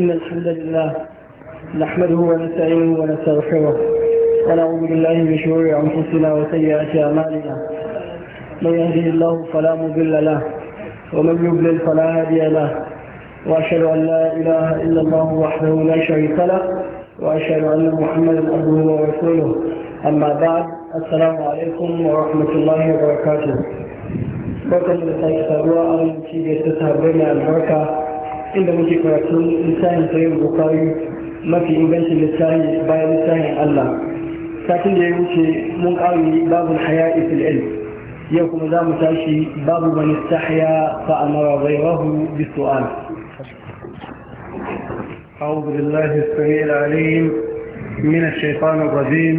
إن الحمد لله نحمده ونستعينه ونستغفره ونعوذ بالله من شرور أنفسنا وسيئات أعمالنا من يهده الله فلا مضل له ومن يضلل فلا هادي له وأشهد أن لا إله إلا الله وحده لا شريك له وأشهد أن محمدا عبده ورسوله أما بعد السلام عليكم ورحمة الله وبركاته. Barkan da sake saduwa a wani cibiyar ta sabbin albarka inda muke karatun littafin sayin bukari mafi ingancin littafi bayan littafin allah satin da ya wuce mun ƙari babu haya isil ilm yau kuma za mu tashi babu man istahya fa amara ghayrahu bi su'al أعوذ بالله السميع العليم من الشيطان الرجيم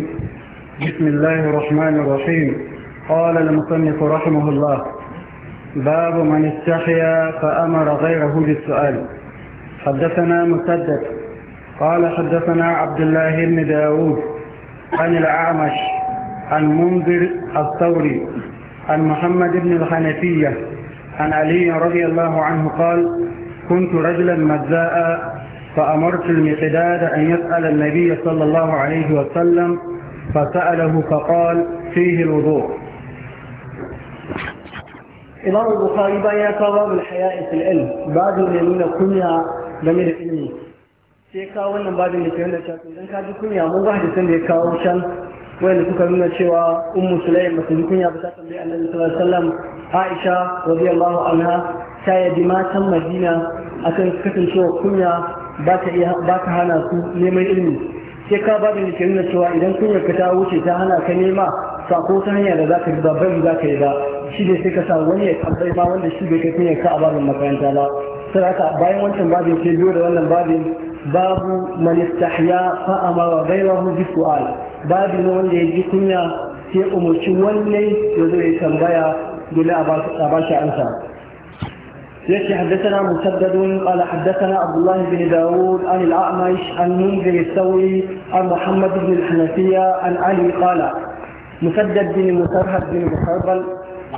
بسم الله الرحمن الرحيم قال المصنف رحمه الله باب من استحيا فأمر غيره بالسؤال حدثنا مسدد قال حدثنا عبد الله بن داود عن الأعمش عن منذر الثوري عن محمد بن الحنفية عن علي رضي الله عنه قال كنت رجلا مزاء فأمرت المقداد أن يسأل النبي صلى الله عليه وسلم فسأله فقال فيه الوضوء imam bukhari ba ya kawo babu haya'i fil ilm babu ne nuna kunya game da ilimi sai kawo wannan babu ne kai da ta dan ka ji kunya mun ga hadisan da ya kawo can wanda suka nuna cewa ummu sulaim ba ta ji kunya ba ta tambayi annabi sallallahu alaihi wasallam aisha radiyallahu anha ta yabi matan madina akan kasancewa kunya ba ta iya ba ta hana su neman ilimi sai ka babu ne kai nuna cewa idan kunya ka ta wuce ta hana ka nema sako ta hanya da za ka ji ba bari ka yi ba shi ne sai ka sa wani ya tambayi ma wanda shi bai kai kunyar ka a babin makaranta ba sai haka bayan wancan babin sai biyo da wannan babin babu man istahya fa amara ghayrahu bi su'al babu ne wanda ya ji kunya sai umurci wanne ya zo ya tambaya dole a ba shi ansa يأتي حدثنا مسدد قال حدثنا عبد الله بن داود عن الأعمش عن منذر الثوري عن محمد بن الحنفية عن علي قال مسدد بن مسرهد بن محربل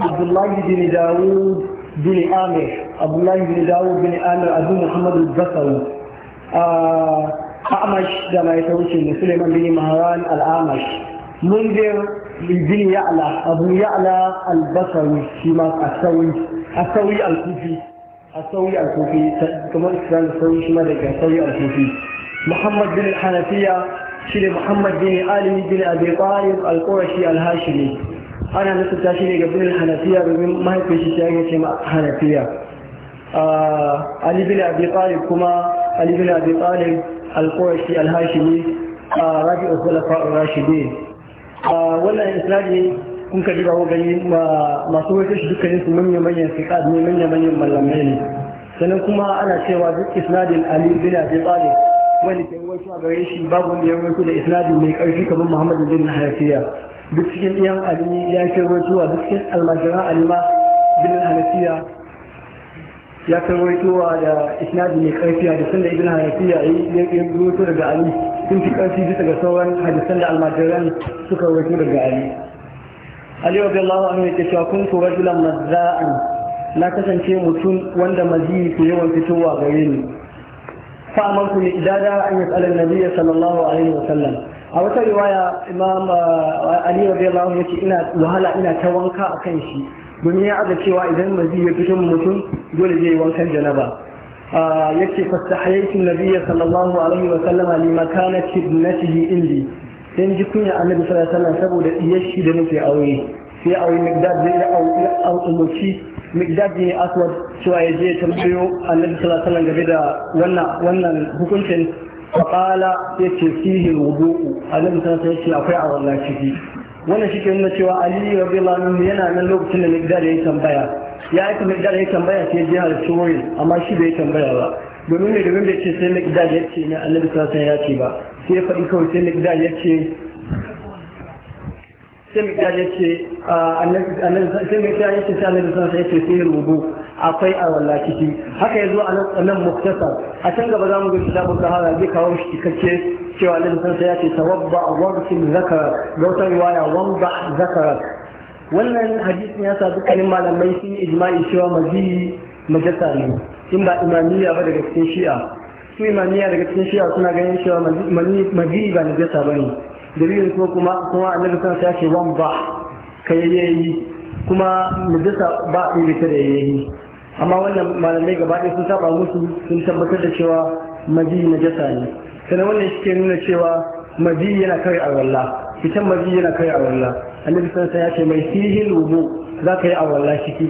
abdullahi bin dawud bin amir abdullahi bin dawud ah, amash da mai tauce musulman bin maharan al-amash munzir bin ya'la abu ya'la al-basri shi ma asawi asawi al-kufi asawi al-kufi kamar islam daga asawi al-kufi muhammad bin hanafiya shi ne muhammad al ana nasarta shi ne ga birnin hanafiya domin mahaifin shi ta ce ma hanafiya ali bin abi talib kuma ali bin abi talib al-qurashi al-hashimi rabi al-khulafa ar-rashidin wannan isnadi kun ka duba ko gani masu wata shi dukkanin su manyan manyan fiqad ne manyan manyan mallamai ne sannan kuma ana cewa duk isnadin ali bin abi talib wani ke wasu shi babu wanda ya rawaito da isnadin mai karfi kamar muhammad bin hanafiya duk cikin iyan alimi ya kai rawaitowa duk cikin almajira alima bin hanafiya ya kai rawaitowa da isnadi mai karfi hadisan da ibn hanafiya ya yi rawaito daga ali sun fi karfi bisa ga sauran hadisan da almajiran suka rawaito daga ali ali wa billahu anhu yake cewa kuntu rajulan mazza'an na kasance mutum wanda maziyi ke yawan fitowa gare ni fa amarku ni idada an yas'ala an-nabiyya sallallahu alaihi wa sallam a wata riwaya imam uh, ali radiyallahu anhu yace ina wahala ina ta wanka a kan shi domin ya aza cewa idan mazi ya fito mutum dole zai wankan janaba uh, yace fastahaytu nabiyya sallallahu alaihi wa sallama limakanati ibnatihi indi sai ji kunya annabi sallallahu alaihi wasallam saboda diyar shi da muke aure sai aure migdad zai da aure migdad ne aswad cewa ya je tambayo annabi sallallahu alaihi wasallam game da wannan hukuncin faƙala ya ce fihi wudu'u annabi sallallahu alaihi ce akwai awalla ciki wannan shi ke nuna cewa ali radiyallahu anhu yana nan lokacin da migdal ya tambaya ya aika migdal ya tambaya sai je har amma shi bai tambaya ba domin domin bai ce sai migdal ya ce ne annabi sallallahu alaihi ya ce ba sai faɗi kawai sai migdal ya ce sai migdal ya ce annabi ya ce sai annabi sallallahu alaihi ya ce sai rubu akwai a wallakishi haka ya zo a nan muktasar a can gaba za mu ga kitabun sahara zai kawo shi cikakke cewa na sai ya ce tawabba wabsin zakara ga wata riwaya wamba zakara wannan hadisin ya sa dukkanin malamai sun yi ijma'i cewa maziyi majasa ne in ba imaniya ba daga cikin shi'a su imaniya daga cikin shi'a suna ganin cewa maziyi ba najasa ba ne dalilin ko kuma kuma annabi sai ya ce wamba kayayyayi kuma najasa ba a yi da yayi amma wannan malamai gaba ɗaya sun saba musu sun tabbatar da cewa maji jasa ne sannan wannan shi ke nuna cewa maji yana a walla. fitan maji yana a walla. annabi sansa ya ce mai sihin rubu za ka yi a walla shi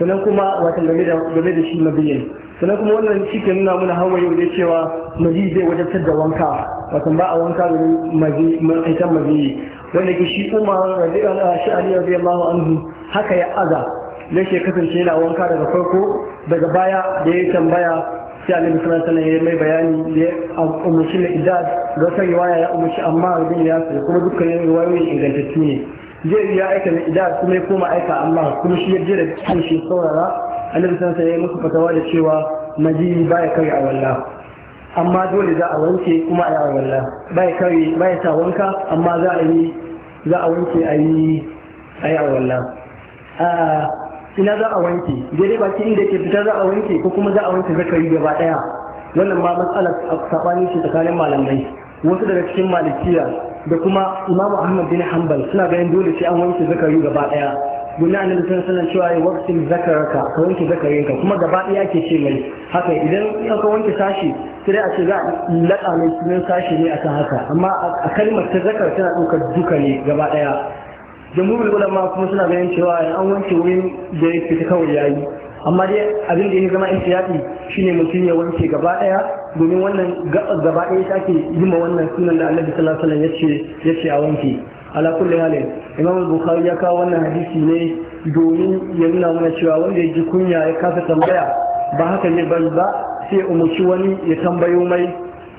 sannan kuma wata game da shi mabiyin sannan kuma wannan shi ke nuna mana hawa yau da cewa maji zai wajabtar da wanka Wata ba a wanka domin maji fitan maji wanda ke shi umar radiyallahu anhu haka ya aza da shi kasance yana wanka daga farko daga baya da ya tambaya sai a sallallahu sanar sanar ya mai bayani da ya umarci na idad ga wata riwaya ya umarci amma rubin ya da kuma dukkan riwayoyin ingantattu ne zai ya aika na idad kuma ya koma aika amma kuma shi ya je da cikin shi saurara a sallallahu sanar sanar ya musu fatawa da cewa maji baya kai a wallah amma dole za a wanke kuma a yawon wallah baya kai baya sa wanka amma za a yi za a wanke a yi a yawon wallah ina za a wanke daidai baki inda ke fita za a wanke ko kuma za a wanke zakari gaba daya wannan ma matsalar sabani shi tsakanin malamai wasu daga cikin malikiya da kuma imamu ahmad bin hanbal suna ganin dole sai an wanke zakari gaba daya domin annabi sallallahu alaihi cewa ya waqtin zakaraka ka wanke ka kuma gaba daya ke ce mai haka idan an ka wanke sashi sai a ce za a laƙa mai sunan sashi ne akan haka amma a kalmar ta zakar tana ɗaukar duka ne gaba daya jamhurin ulama kuma suna ganin cewa an wanke wurin da ya fita kawai yayi amma dai abin da ya zama ihtiyati shine mutum ya wanke gaba daya domin wannan gaba daya take yi ma wannan sunan da Allah sallallahu alaihi wasallam yace a wanke ala kulli halin Imam Bukhari ya kawo wannan hadisi ne domin ya nuna mana cewa wanda ya ji kunya ya kasa tambaya ba haka ne ba sai umarci wani ya tambayo mai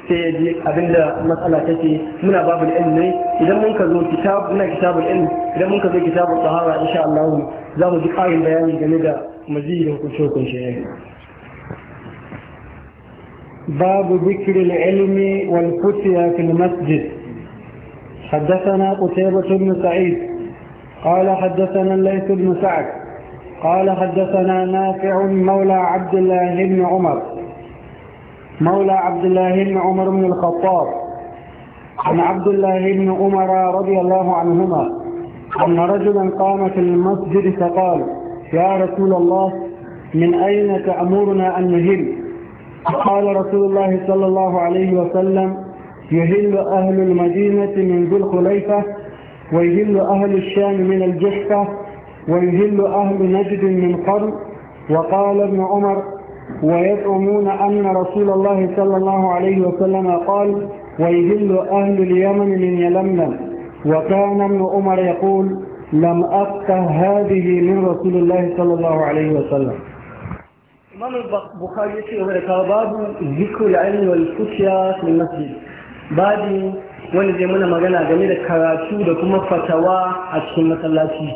sai ya ji abinda matsala take muna babu ilm ne idan mun ka zo kitab muna kitabul ilm idan mun ka zo kitabul tahara insha Allah za mu ji ƙarin bayani game da mazidin kunshe kunshe ne باب ذكر العلم والفتيا في المسجد حدثنا قتيبة بن سعيد قال حدثنا الليث بن سعد قال حدثنا نافع مولى عبد الله بن عمر مولى عبد الله بن عمر بن الخطاب عن عبد الله بن عمر رضي الله عنهما أن رجلا قام في المسجد فقال يا رسول الله من أين تأمرنا أن نهل فقال رسول الله صلى الله عليه وسلم يهل أهل المدينة من ذي الخليفة ويهل أهل الشام من الجحفة ويهل أهل نجد من قرن وقال ابن عمر ويزعمون أن رسول الله صلى الله عليه وسلم قال ويذل أهل اليمن من يلملم وكان ابن عمر يقول لم أفقه هذه من رسول الله صلى الله عليه وسلم إمام البخاري يقول باب ذكر العلم والفتيا في المسجد بعد wanda zai muna magana game da karatu da kuma fatawa a cikin masallaci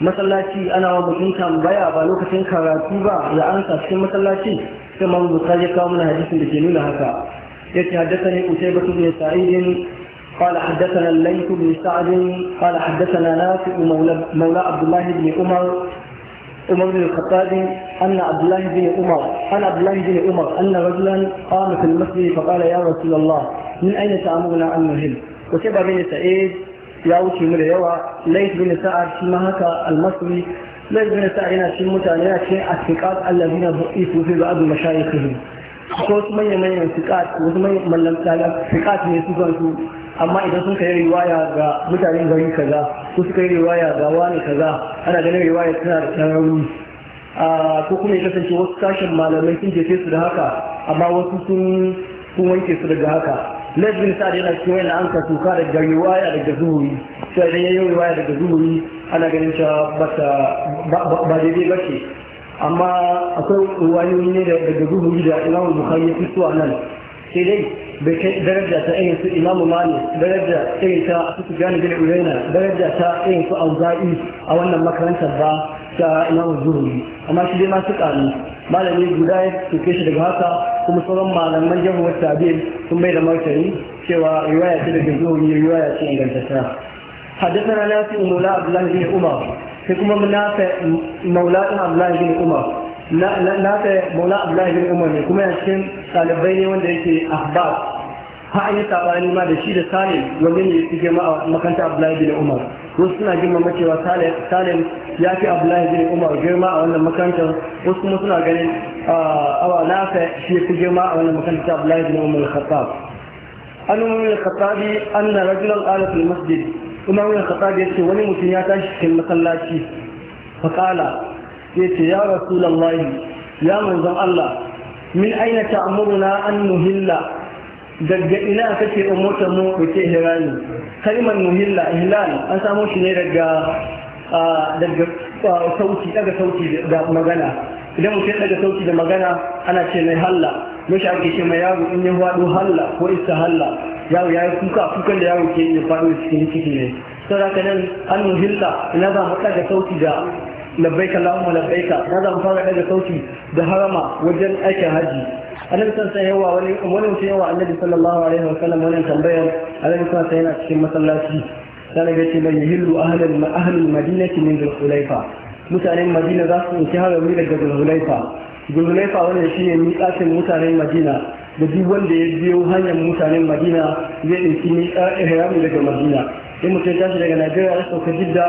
masallaci ana wa mutum tambaya ba lokacin karatu ba da an sa cikin masallaci sai mamu buka ya kawo mana hadisin da ke nuna haka ya ce haddasa ne kusai batu ne kala haddasa na laifu ne sa'adin kala haddasa na nafi maula abdullahi bin umar umar bin khattabi anna abdullahi bin umar anna abdullahi bin umar anna rajulan qama fil masjid fa qala ya rasulullah min ayna ta'amuna an nahil wa ba ne sa'id ya wuce mu da yawa lais bin sa'ad shi ma haka al-masri lais bin sa'ad yana cikin mutane yana cikin asiqat alladhina bu'ithu fi ba'd mashayikhihim ko wasu manyan manyan asiqat wasu manyan mallam asiqat ne su kansu amma idan sun kai riwaya ga mutanen gari kaza ko suka yi riwaya ga wani kaza ana ganin riwaya tana da tsararru ko kuma ya kasance wasu sashen malamai sun jefe su da haka amma wasu sun wanke su daga haka lazmin sa da yana cikin wani an ka tuka daga riwaya daga zuhuri sai dai yayi riwaya daga zuhuri ana ganin cewa ba daidai ba ce amma akwai riwayoyi ne daga zuhuri da imamu bukhari ya fito a nan sai dai bai kai daraja ta irin su imamu mali daraja irin ta su gani gani uraina daraja ta irin su auza'i a wannan makarantar ba ta imamu zuhuri amma shi dai ma su ƙaru malami guda ya tuke shi daga haka kuma sauran malaman jama'ar tabi'in sun bai da martani cewa riwaya ce daga zuwa riwaya ce ingantacciya hadisana na fi mula abdullahi bin umar sai kuma na fa mula din abdullahi bin umar na fa mula abdullahi bin umar ne kuma yankin talibai ne wanda yake ahbab ha an yi sabani ma da shi da salim wanda ne fi girma a makanta abdullahi bin umar wasu suna girmama macewa salim ya fi abdullahi bin umar girma a wannan makarantar wasu kuma suna ganin awa na nasa shi ya fi girma a wannan makarantar abdullahi bin umar khattab an umar khattabi an na rajulan alatul masjid umar khattabi ya ce wani mutum ya tashi cikin masallaci fakala ya ce ya rasulallahi ya manzon allah min aina ta'muruna an nuhilla daga ina aka ce motar mu da ke hirani kalmar muhilla hilal an samo shi ne daga daga sauti daga sauti da magana idan mutum daga sauki da magana ana ce mai halla mashi ake ce mai yaro in ya faɗo halla ko isa halla yaro ya yi kuka kukan da yaro ke yi faɗo cikin ciki ne sau da nan an muhilla ina za mu daga sauti da labbaika Allahumma labbaika na za mu fara daga sauki da harama wajen aikin haji annabi sallallahu alaihi wa wani mutum yawa annabi sallallahu alaihi wa sallam wannan tambayar annabi sallallahu yana cikin masallaci sai ga ce bai hillu ahlul ahlul madinati min dhulhulaifa mutanen madina za su ci harami daga dhulhulaifa dhulhulaifa wannan shine miƙatin mutanen madina da duk wanda ya biyo hanyar mutanen madina zai ɗauki miƙa ihrami daga madina in mutum ya tashi daga najeriya ya sauka jidda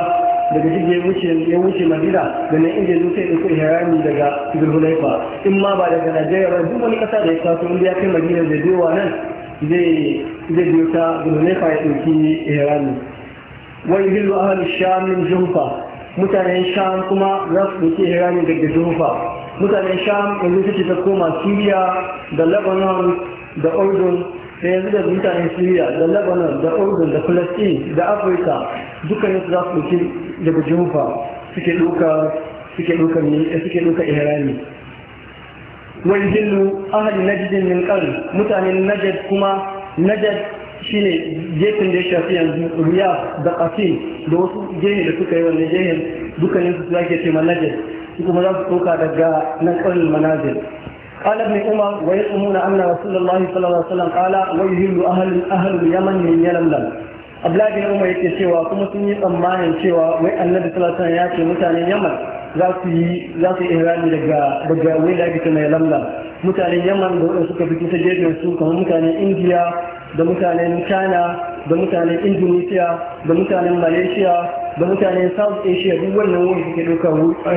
daga jirgin ya wuce ya wuce madina da nan inda zo sai ɗauko ihrami daga zulhulaifa in ma ba daga najeriya ba duk wani ƙasa da ya taso inda ya kai madina da biyowa nan zai zai biyo ta zulhulaifa ya ɗauki ihrami wani hillu ahal shamin jufa mutanen sham kuma za su ɗauki ihrami daga jufa mutanen sham yanzu suke ta koma siriya da lebanon da urdun sai yanzu da mutanen syria da lebanon da urdun da palestine da afirka dukkanin su za su ɗauki daga jihufa suke ɗauka suke ɗauka ne eh, suke ɗauka irani wani hillu ahli najdin min qarn mutanen najd kuma najd shine gefen da ya shafi yanzu riya da qasim da wasu gehe da suka yi wannan gehen dukkanin su ke ce ma najd su kuma za su ɗauka daga nan qarn manazil قال ابن عمر ويزعمون ان رسول الله صلى الله عليه وسلم قال ويهل اهل اهل اليمن من يلملم abdullahi bin umar yake cewa kuma sun yi tsammanin cewa wai annabi sallallahu alaihi ya ce mutanen yaman za su yi za su ihrami daga daga wai da ake mai lamlam mutanen yaman da wanda suka fi ta gefen su kamar indiya da mutanen china da mutanen indonesia da mutanen malaysia da mutanen south asia duk wannan wani suke ɗaukar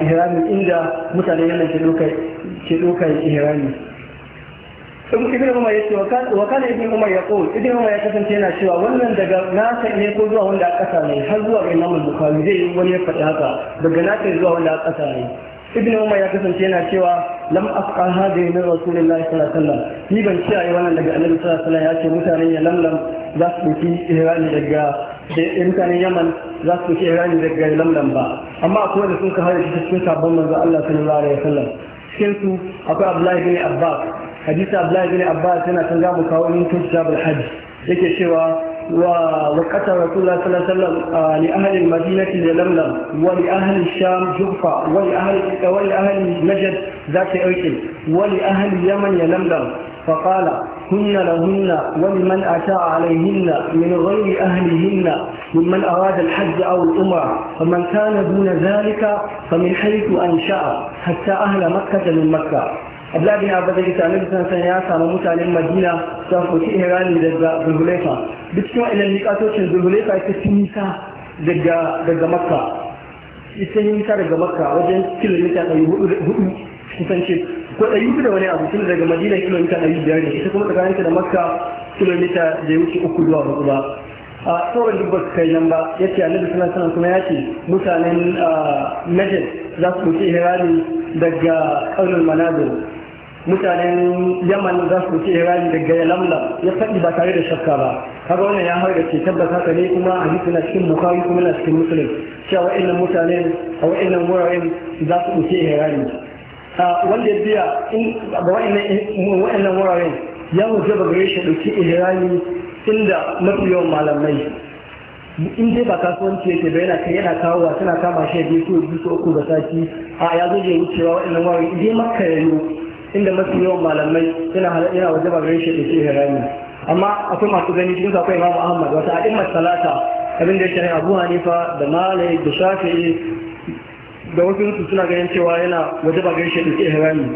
ihramin inda mutanen yaman ke ɗaukar ke dokar ihrami ibn umar ya ce wa kana ibn umar ya qul ibn umar ya kasance yana cewa wannan daga nasa ne ko zuwa wanda aka kasa ne har zuwa ga imam bukhari zai yi wani ya faɗi haka daga nasa zuwa wanda aka kasa ne ibn umar ya kasance yana cewa lam afqa hadhihi min rasulillah sallallahu alaihi wasallam ni ban ci ayi wannan daga annabi sallallahu alaihi wasallam ya ce mutanen ya lamlam za su ɗauki ihrami daga mutanen yaman za su ɗauki ihrami daga lamlam ba amma akwai da sun ka hada cikin sabon manzo Allah sallallahu alaihi wasallam cikin su akwai Abdullahi bin Abbas hadisi Abdullahi bin Abbas yana san zamu kawo min kitabul hajj yake cewa wa waqata rasulullah sallallahu alaihi wasallam li ahli al-madinati lamlam wa li ahli sham jufa wa li ahli wa li ahli najd zaka aikin wa li ahli yaman lamlam فقال كن لهن ولمن أتى عليهن من غير أهلهن ممن أراد الحج أو الأمر فمن كان دون ذلك فمن حيث أنشأ حتى أهل مكة من مكة أبلادنا بدل تعمل سنة يا سامة موسى للمدينة سأفوتي إيران لدى بلغليفة بكما إلى النقاطات من بلغليفة يتسميسا لدى مكة يتسميسا لدى مكة وجن كل المتاقى يهدو ko ɗari biyu da wani abu tun daga madina kilomita ɗari biyar ne ita kuma tsakaninta da makka kilomita da wuce uku zuwa hudu ba a tsoron duk basu kai nan ba ya ce annabi suna sanar kuma ya ce mutanen najd za su ɗauki ihrami daga ƙaunin manado mutanen yaman za su ɗauki ihrami daga yalamla ya faɗi ba tare da shakka ba kaga wannan ya harga ce tabbas haka ne kuma hadisi na cikin bukhari kuma na cikin musulun, cewa wa'annan mutanen a wa'annan wuraren za su ɗauki ihrami wanda ya biya ga wa'annan wuraren ya wuce ba gare shi ɗauki ihrami inda mafi yawan malamai in dai ba kasuwanci yake ba yana kai yana kawo wa suna kama shi biyu ko biyu ko uku ga sati a ya zo ya wucewa wa'annan wuraren in dai makka ya yi inda mafi yawan malamai yana yana waje ba gare shi ɗauki ihrami amma akwai masu gani cikin akwai imamu ahmad wata a'immar salata abin da ya shari'a abu hanifa da malai da shafi'i da wasu su suna ganin cewa yana waje ba gaishe da harami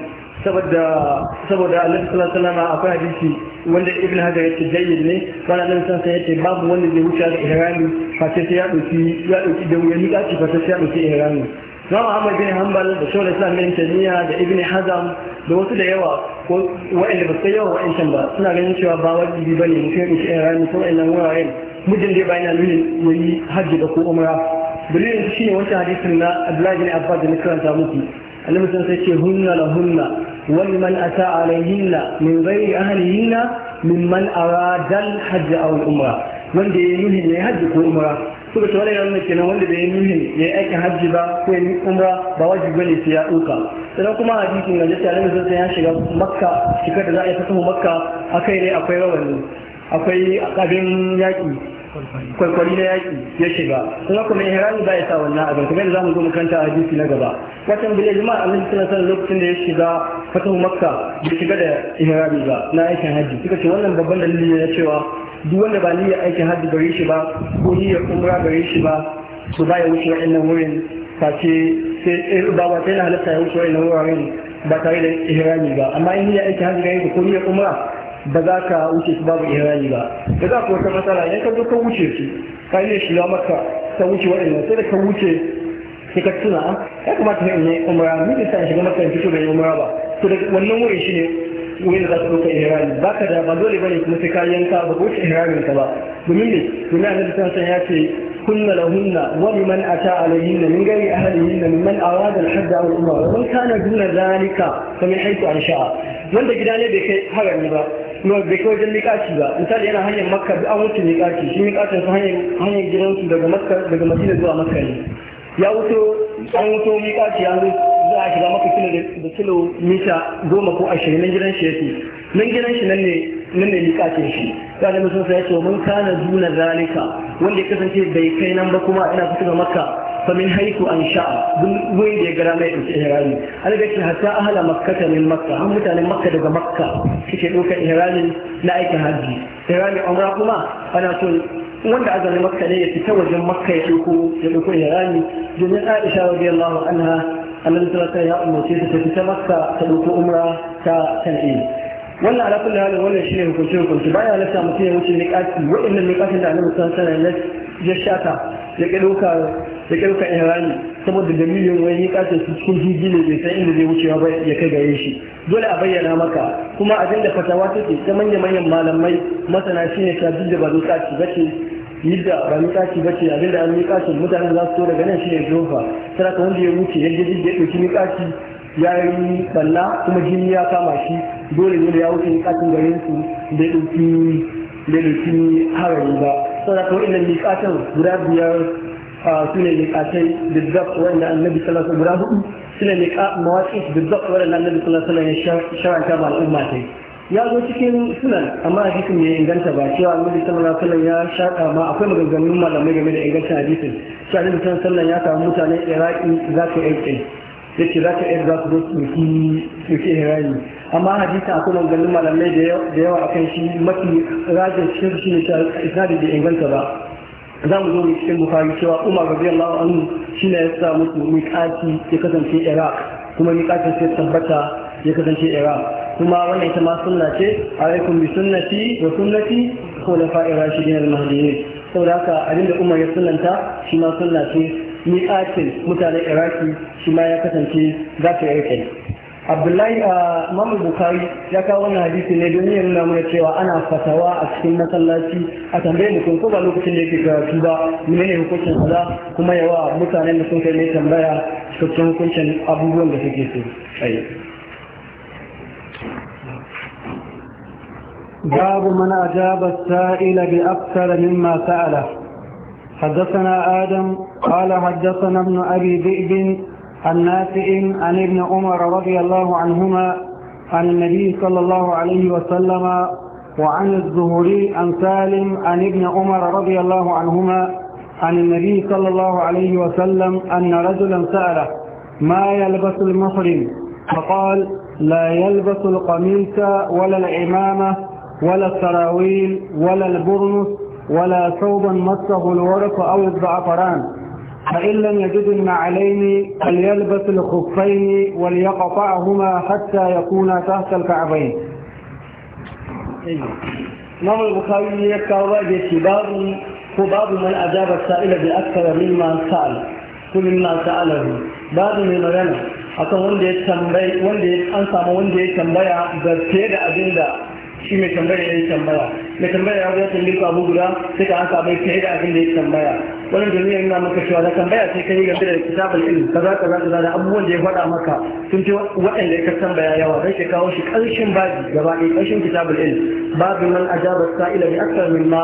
saboda saboda Allah sallallahu alaihi wasallam akwai hadisi wanda Ibn Hajar ce jayyid ne wanda Allah sallallahu alaihi yake babu wanda zai wuce da ihrami fa sai ya dauki ya dauki da wani kaci fa sai ya dauki ihrami Imam Ahmad bin Hanbal da Shawul Islam bin Taymiyyah da Ibn Hazm da wasu da yawa ko wa'anda ba sai yawa shan ba suna ganin cewa ba wajibi bane mutum ya dauki ihrami ko ina wuraren mujin da bayan ya nuni wani hajji da ko umra dalilin shi ne wancan hadisin na Abdullahi bin Abbas da karanta muku annabi sun sai ce hunna la hunna wal man ata alayhinna min ghairi ahlihinna man arada al hajj aw al umra wanda ya yi ne hajji ko umra suka ta wani yana kenan wanda bai yi nuhin ya yi aikin hajji ba ko ya yi umra ba wajibi bane sai ya ɗauka sannan kuma hadisin ga jita annabi sun sai ya shiga makka shikar da za a yi fatahu makka akai ne akwai rawani akwai abin yaki. kwalkwali na yaƙi ya shiga kuma kuma ihrami ba ya sa wannan abin kuma yadda zamu zo mu kanta hadisi na gaba watan zama a annabi sallallahu alaihi lokacin da ya shiga fatahu makka bai shiga da ihrami ba na aikin hajji suka ce wannan babban dalili ne na cewa duk wanda ba niyyar aikin hajji gare shi ba ko niyyar umra gare shi ba to ba ya wuce wa'annan wurin face sai eh, ba ba sai na halatta ya wuce wa'annan wuraren ba tare da ihrami ba amma in niyyar aikin hajji gare shi ko niyyar umra ba za ka wuce su babu irani ba da za ka wata matsala idan ka zo ka wuce su ka iya shiga maka ta wuce waɗannan sai da ka wuce sai ka tuna ah, ya kamata ka yi umra mu da sa shiga maka fito da umra ba to daga wannan wurin shine wurin da za ka ɗauka irani ba ka da ba dole bane kuma sai ka yanka ba wuce iranin ka ba domin ne domin annabi sallallahu ya ce kunna lahunna wa liman ata alayhinna min ghairi ahlihinna mimman arada al-hajj aw al-umra wa man kana duna zalika fa min haythu ansha'a wanda gida ne bai kai harami ba da kai wajen miƙaci ba misali yana hanyar makka duk an wuce miƙaci shi miƙacin su hanyar gidansu daga makka daga madina zuwa makka ne ya wuto an wuto miƙaci ya zo za a shiga maka kilo da kilo mita goma ko ashirin nan gidan shi yake nan gidan shi nan ne nan ne miƙacin shi ya da musulunsa ya ce mun kana duna zalika wanda ya kasance bai kai nan ba kuma ina fitowa makka فمن حيث أنشاء وين دي غرامي في إيراني أنا قلت لها سا أهل مكة من مكة هم متعلم مكة دوغا مكة كي تدوك إيراني لأيك هذي إيراني عمره كما أنا أقول وين بعد أن مكة لي يتتوج من مكة يتوك إيراني جميع عائشة رضي الله عنها أن نزل يا أم سيدة تتوك مكة تدوك عمره كتنئين wannan ala kulli hal wannan shine hukunci hukunci baya la samu sai mutum ne kaci wa'annan ne kafin da annabi sallallahu alaihi wasallam ya shata ya kaduka da ƙarfa ihrami saboda dalilin wani kace su cikin jirgi ne bai san inda zai wucewa ba ya kai gare shi dole a bayyana maka kuma abin da fatawa take ta manya manyan malamai masana shine ta duk da ba lokaci yadda ba ba ce abinda an yi miƙaci mutanen za su so daga nan shi ne jofa tana ka wanda ya wuce yadda duk ya ɗauki miƙaci ya yi balla kuma jini ya kama shi dole dole ya wuce miƙacin garin su da ɗauki da ɗauki harari ba saboda ka waɗannan miƙacin guda biyar su ne miƙatan bizzaf wanda annabi sallallahu alaihi guda hudu su ne miƙa mawaƙi bizzaf wanda annabi sallallahu alaihi ya sharanta ba al'umma ta ya zo cikin sunan amma hadisin ne inganta ba cewa annabi sallallahu alaihi ya shaƙa ma akwai maganganun malamai game da ingancin hadisin cewa annabi sallallahu alaihi ya samu mutane iraki za su aiki ya ce za ka iya za su zo su ke rayu amma hadisin akwai maganganun malamai da yawa akan shi mafi rajin shi ne ta isnadin da inganta ba za mu zo ne cikin bukari cewa umar radiyallahu anhu shine ya sa musu miƙati ya kasance iraq kuma miƙatin sai tabbata ya kasance iraq kuma wannan ita ma sunna ce alaikum bi sunnati wa sunnati khulafa'i rashidin al-mahdiyyin saboda haka da umar ya sunanta shi ma sunna ce miƙatin mutanen iraki shi ma ya kasance za ta yi abdullahi a uh, mamu bukari ya kawo wannan hadisi ne don ya nuna mana cewa ana fatawa a cikin masallaci a tambayi mutum ko ba lokacin da yake karatu ba menene hukuncin kaza kuma yawa mutanen da sun kai ne tambaya cikakken hukuncin abubuwan da suke so باب من أجاب السائل بأكثر مما سأله حدثنا آدم قال حدثنا ابن أبي ذئب عن نافع عن ابن عمر رضي الله عنهما عن النبي صلى الله عليه وسلم وعن الزهري عن سالم عن ابن عمر رضي الله عنهما عن النبي صلى الله عليه وسلم أن رجلا سأله ما يلبس المحرم فقال لا يلبس القميص ولا العمامة ولا السراويل ولا البرنس ولا ثوبا مسه الورق أو الزعفران فإن لم يجد النعلين فليلبس الخفين وليقطعهما حتى يكونا تحت الكعبين نظر البخاري يكاو باب باب من أجاب السائل بأكثر مما سأل كل ما سأله باب من مغنى أكون وندي تنبي وندي أنسى وندي تنبيع بسيد أجنده shi mai tambaya ya yi tambaya mai tambaya ya zai ya abu guda sai ka haka mai fiye da abin da ya tambaya wannan domin yana maka cewa da tambaya sai ka yi gaba da kitabul ilm kaza kaza kaza da abubuwan da ya faɗa maka sun ce waɗanda ya tambaya yawa dan ke kawo shi ƙarshen babi gaba ɗaya ƙarshen kitabul ilm babin man ajaba sa'ila bi akthar min ma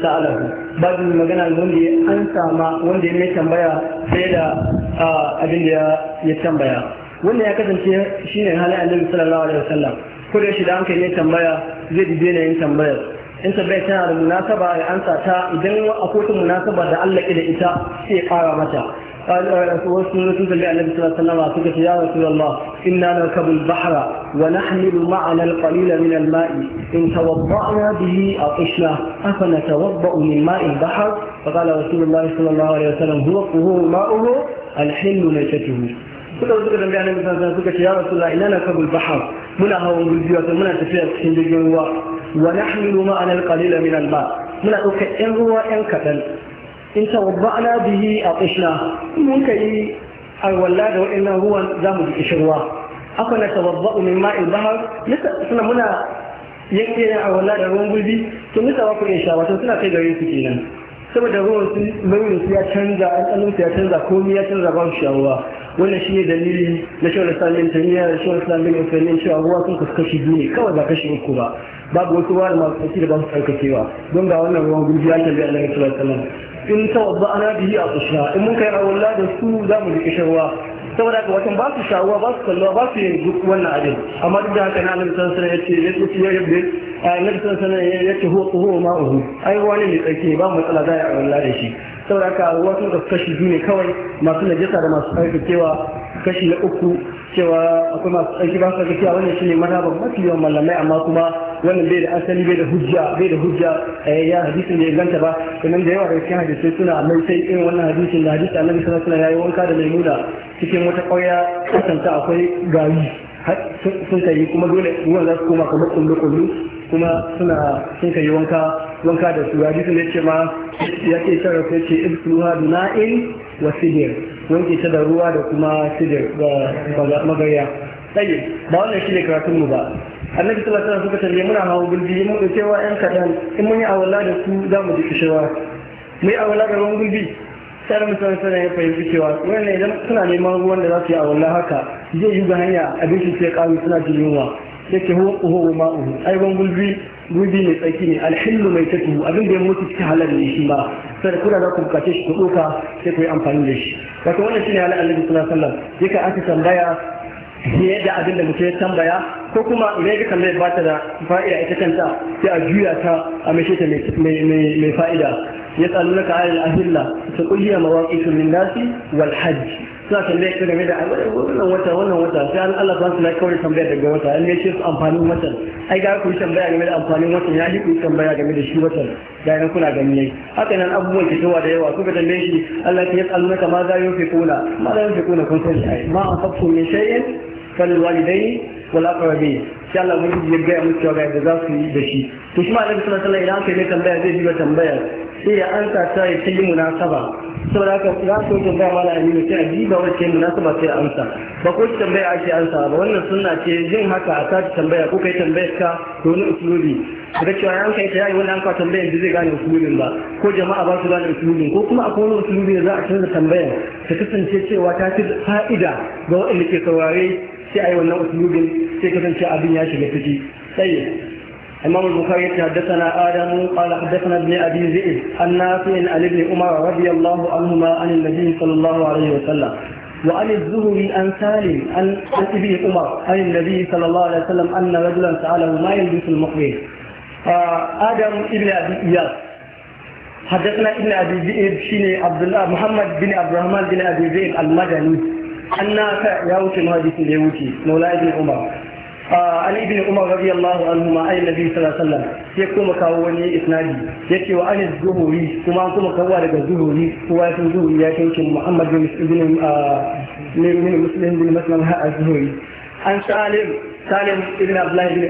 sa'alahu babin magana wanda ya ansa ma wanda ya mai tambaya sai da ah, abin da ya tambaya wannan ya kasance shine halin annabi sallallahu alaihi wasallam ko da shi da hankali ya tambaya zai dube na yin tambayar in tambayar tana da munasaba ya ansa ta idan akwai munasaba da Allah ke da ita sai ya kara mata وسنة النبي صلى الله عليه وسلم قالت يا رسول الله إنا نركب البحر ونحمل معنا القليل من الماء إن توضأنا به عطشنا أفنتوضأ من ماء البحر فقال رسول الله صلى الله عليه وسلم هو طهور ماؤه الحل ميتته suka suka tambaya annabi sallallahu alaihi suka ce ya rasulullah ina na kabul bahar muna hawan gurbiya sai muna tafiya cikin jirgin ruwa wa nahmilu ma'ana al-qalila min al-ma muna ɗaukar ɗan ruwa ɗan kaɗan in tawabba'na bihi a ƙishna mun ka yi alwala da waɗannan ruwan za mu ji ƙishirwa haka na tawabba'u min ma'il bahar suna muna yanke yin alwala da ruwan gulbi to nisa wa ku insha wato suna kai gare su kenan saboda ruwan su ya canza an ɗanin ya canza komai ya canza ba su shawuwa wannan shi ne dalili na shawar islamin tamiya da shawar islamin ukrainian cewa ruwa sun kasu kashi biyu ne kawai ba kashi uku ba babu wasu ruwa da masu tsarki da ba su tsarkakewa don ga wannan ruwan gujiya ta biya alaihi sallallahu alaihi in ta tawadda ana bihi a kusa in mun kai rawar da su za mu ji kishin ruwa saboda haka watan ba su shawuwa ba su kalluwa ba su yin duk wannan abin amma duk da haka na annabi sallallahu alaihi wasallam yace ya tsufi ya yabbe annabi sallallahu alaihi wasallam yace huwa huwa ma'uhu ai wani ne tsake ba matsala da ya Allah da shi saboda haka ruwa sun kasu kashi biyu ne kawai masu najasa da masu cewa kashi na uku cewa akwai masu aiki ba su cewa wannan shine mazhaban mafi yawan malamai amma kuma wannan bai da asali bai da hujja bai da hujja eh, ya hadisin da inganta ba kuma da yawa daga cikin hadisai suna mai sai irin wannan hadisin da hadisi annabi sallallahu alaihi wasallam wanka da maimuna cikin wata ƙauya kasanta akwai gari sun tayi kuma dole ruwan za su koma kamar kullu kullu kuma suna sun kai wanka wanka da su hadisi ne ce ma ya ce tara sai ce ibsuha duna'in wa sidir wanke ta da ruwa da kuma sidir ga magarya tsaye ba wannan ne karatun mu ba annabi sallallahu alaihi wasallam suka tambaye muna hawo gulbi mun ce wa yan kadan in mun yi awalla da su za mu ji kishewa mu yi awalla da ruwan gulbi sai da mutane sana ya fahimci cewa wannan idan suna neman ruwan da za su yi awalla haka zai yi ga hanya shi sai kawo suna jin yunwa yake huwa uhu ma'uhu ai ban gulbi gulbi mai tsaki ne alhillu mai tatu abin da ya mutu cikin halar da shi ba sai kuna za ku bukace shi ku ɗauka sai ku yi amfani da shi wato wannan shine halal annabi sallallahu alaihi wasallam yake aka tambaya fiye da abin da mutum ya tambaya ko kuma idan ya kalla ya bata da fa'ida ita kanta sai a juya ta a mai ta mai fa'ida يسألونك عن الأهلة تقول هي مواقيت للناس والحج suna tambaya ta game da wannan wata wannan wata sai an Allah ba su na kawai tambaya daga wata an ne ce su amfanin watan ai ga ku tambaya game da amfanin watan ya ku tambaya game da shi watan ga nan kuna gani yayi haka nan abubuwan ke tawa da yawa kuka tambaye shi Allah ya tsallu ka ma za yunfiquna ma za yunfiquna kun san shi ma anfaqtum min shay'in falwalidaini wal aqrabin sai Allah mun yi gaya cewa ga yadda za su yi da shi to shi ma Annabi sallallahu alaihi wasallam idan aka yi tambaya zai yi tambaya sai ya ansa ta ya yi munasaba saboda haka za su yi zama mala aminu sai a jiba wacce munasaba sai a amsa ba ko shi tambaya ake amsa ba wannan suna ce yin haka a sa tambaya ko kai tambayar ka da wani usulubi cewa ya kai ta yayi wani an kawo tambayar da zai gane usulubin ba ko jama'a ba su gane usulubin ko kuma akwai wani usulubi da za a canza tambayar ta kasance cewa ta fi fa'ida ga waɗanda ke saurare sai a yi wannan usulubin sai kasance abin ya shiga ciki tsaye إمام البخاري حدثنا آدم قال حدثنا ابن أبي زئب عن نافع عن ابن عمر رضي الله عنهما عن النبي صلى الله عليه وسلم وعن الزهري عن سالم عن ابن عمر عن النبي صلى الله عليه وسلم أن رجلا سأله ما يلبس المحرم آه، آدم ابن أبي إياس حدثنا ابن أبي زئب شيني عبد الله محمد بن عبد الرحمن بن أبي زئب المدني عن نافع يوتي الحديث اليوتي مولاي ابن عمر an ibn umar radiyallahu anhu ma ayin nabi sallallahu sai kuma kawo wani isnadi yake wa anis zuhuri kuma an kuma kawo daga zuhuri kowa sun zuhuri ya kai kin muhammad bin ibn min muslim bin muslim ha zuhuri an salim salim ibn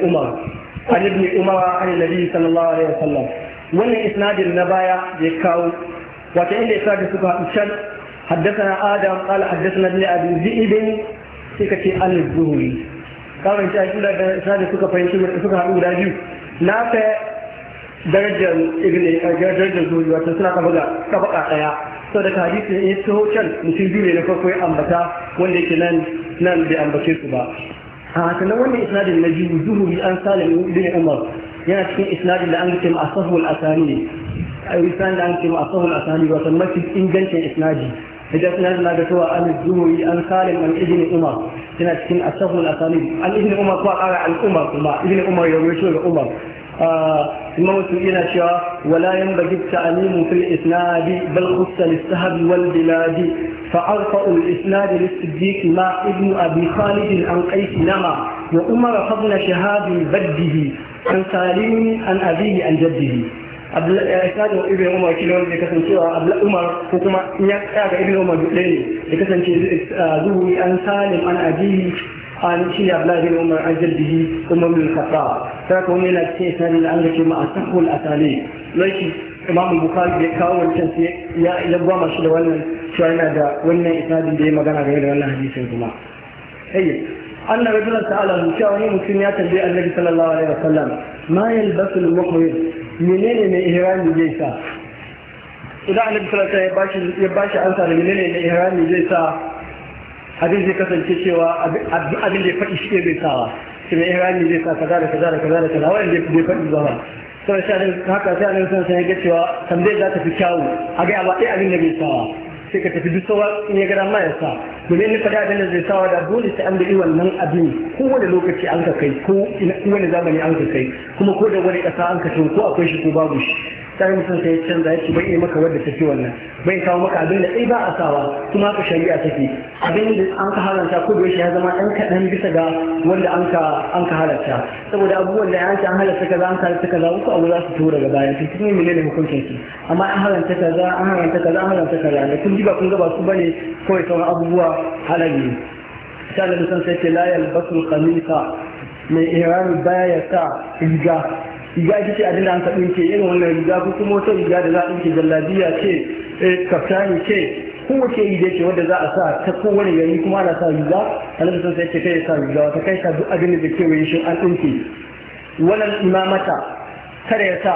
umar an ibn umar an nabi sallallahu alaihi wasallam wannan isnadin na baya da kawo wata inda isnadin suka haɗu can حدثنا آدم قال حدثنا ابن أبي ذئب سكتي عن kawai a inda da sadi suka fahimci suka haɗu guda biyu na ka darajar ibn eh, darajar zuri wato suna kafaga kafaka ɗaya so da hadisi ya taho can mutum biyu ne na farko ya ambata wanda yake nan nan bai ambace su ba a na wannan isnadin na biyu zuhuri an salim ibn umar yana cikin isnadin da an ce ma asahul asani ne a isnadin da an ce ma asahul asani wato mafi ingancin isnadi حجتنا ما دتوا أن الجمهوري أن سالم عن ابن عمر هنا تكون أسفل الأساليب عن ابن عمر طبعا عن عمر كما ابن عمر يروي عمر إمام آه، الى شاء ولا ينبغي التعليم في الإسناد بل خص للسهب والبلاد فأرفع الإسناد للصديق ما ابن أبي خالد عن قيس نما وأمر فضل شهاب بده عن سالم عن أبيه عن جده kajin ibn umar shi ne wanda kasancewa abla umar ko kuma in ya tsaya ga ibn umar duk ne da kasance zuhuri an salim an ajihi an shi ne abla ibn umar an jaddihi umar bin kasa sai ka wani yana cikin isnadin da an ga ce ma a sahul asali laiki imam bukhari da kawo wancan sai ya ya gwama shi da wannan cewa yana da wannan isnadin da ya magana game da wannan hadisin kuma أن رجلا سأله شاهي مسلم يا النبي صلى الله عليه وسلم ما يلبس المحرم menene mai ihrami zai sa idan annabi sallallahu alaihi wasallam ya bashi ansa da menene mai ihrami zai sa abin zai kasance cewa abin da ya faɗi shi zai wa? shi mai ihrami zai sa kaza da kaza da kaza da kaza wanda bai faɗi ba sai shi haka sai annabi sallallahu alaihi ya ga cewa tambayar za ta fi kyawu a ga ba ɗaya abin da bai wa, sai ka tafi duk sauran in ya ga dama ya sa domin faɗi a abin da zai sawa da dole sai an bi wannan abin ko Wani lokaci an ka kai ko wani zamani an ka kai kuma ko da wani ƙasa an ka ko akwai shi ko babu shi sai mutum sai ya canza ya ce bai yi maka wadda ta fi wannan bai kawo maka abin da ba a sawa kuma ka shari'a take abin da an ka haranta ko da ya zama ɗan kaɗan bisa ga wanda an ka an ka halarta saboda abubuwan da an ce an halarta kaza an halarta kaza uku abu za su tura daga baya ne kuma menene hukuncin su amma an halarta kaza an halarta kaza an halarta kaza da kun ji ba kun ga ba su bane kawai sauran abubuwa halali sai da mutum sai ce la yalbasul qamisa mai iran baya ta riga riga kike ce abin an ka dinke irin wannan riga ko kuma wata riga da za a dinke jallabiya ce eh, kaftani ce wace riga ce wanda za a sa ta kowane gari kuma ana sa riga annabi sun sai ce kai sa riga wata kai sa duk abin da kewaye shi an dinke wannan imamata kada ya sa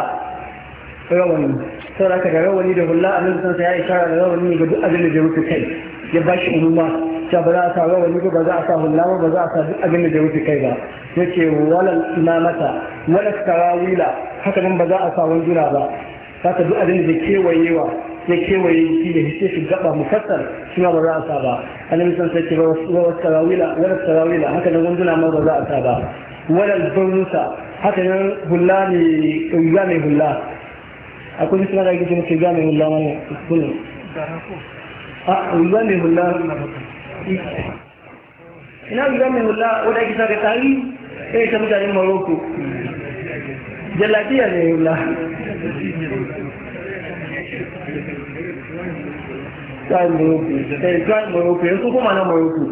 rawani saboda ka ga rawani da hulla annabi sun sai ya isa da rawani ga duk abin da ya kai ya ba shi inuwa ta ba za a sa rawani ba ba za a sa hulla ba ba za a sa duk abin da ya wuce kai ba ya ce walal imamata wala tarawila haka nan ba za a sa wanzura ba haka duk abin da kewayewa ya kewaye shi da hice shi gaba mufassar shi ma ba za a sa ba annabi san sai ce ba wa tarawila wala tarawila haka nan wanzura ma ba za a sa ba wala burnusa haka nan hulla ne hulla ne hulla akwai suna da gidan ke gane hulla mana kullum أعلمه ah, الله ina zamin hula wadda ake saka tari sai ta mutanen maroko jallatiya ne hula tsarin maroko eh, yanzu kuma na maroko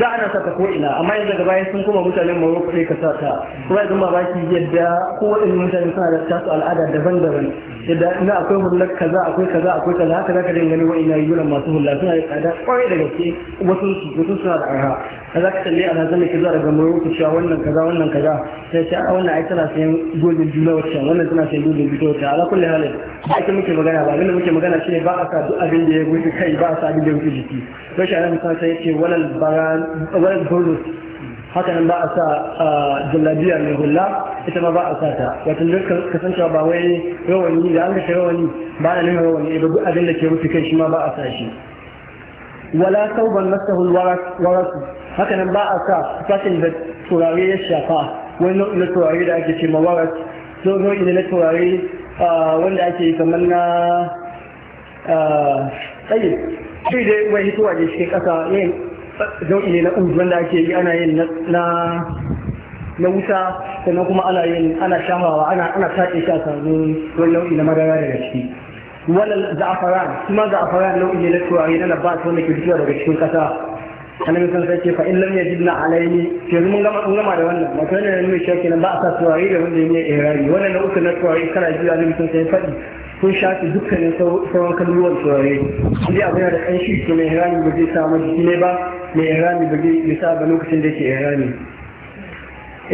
da ana saka ko ina amma yanzu daga bayan sun kuma mutanen Morocco ne ka sa ta kuma yanzu ba ki yadda ko wani mutane suna da tasu al'ada daban-daban yadda ina akwai hullar kaza akwai kaza akwai kaza haka ka dinga gani wa'ina yuran masu hulla suna da tsada kwarai da gaske wasu wasu suna da arha ka za ka talle a zama ki zuwa daga Morocco cewa wannan kaza wannan kaza sai ce a wannan ai tana sayan golin juna wacce wannan tana sayan golin juna wacce ala kulli halin ba ita muke magana ba abinda muke magana shine ba a sa duk abin da ya gudu kai ba a sa abin da ya gudu jiki sai shi annabi sai ya ce walal baran walal burus haka nan ba a sa jallabiya mai hulla ita ma ba a sa ta wato duk kasancewa ba wai rawani da an ga rawani ba na nuna rawani da duk abin da ke rufe kai shi ma ba a sa shi wala sauban masahu waras haka nan ba a sa fatin da turare ya shafa wani na turare da ake ce ma waras so nau'i ne na turare wanda ake kamar na tsaye shi dai mai hituwa ne shi kasa yin zaune ne na uzu wanda ake yi ana yin na wuta sannan kuma ana yin ana shafawa ana ana sake shi a samu wani nau'i na madara daga ciki wal za'afaran kuma za'afaran nau'i ne na turare na labas wanda ke fitowa daga cikin kasa annabi sun sai ce fa in lam alaini. alayhi yanzu mun gama mun gama da wannan wato ne ne mai shakki nan ba a sa turare da wanda ya yi irari wannan nau'ukan na turare kana ji annabi sun sai faɗi sun shafi dukkanin sauran kalluwar turare sai abu da ƙanshi to mai ihrami ba zai sa majiki ne ba mai ihrami ba zai sa ba lokacin da yake ihrami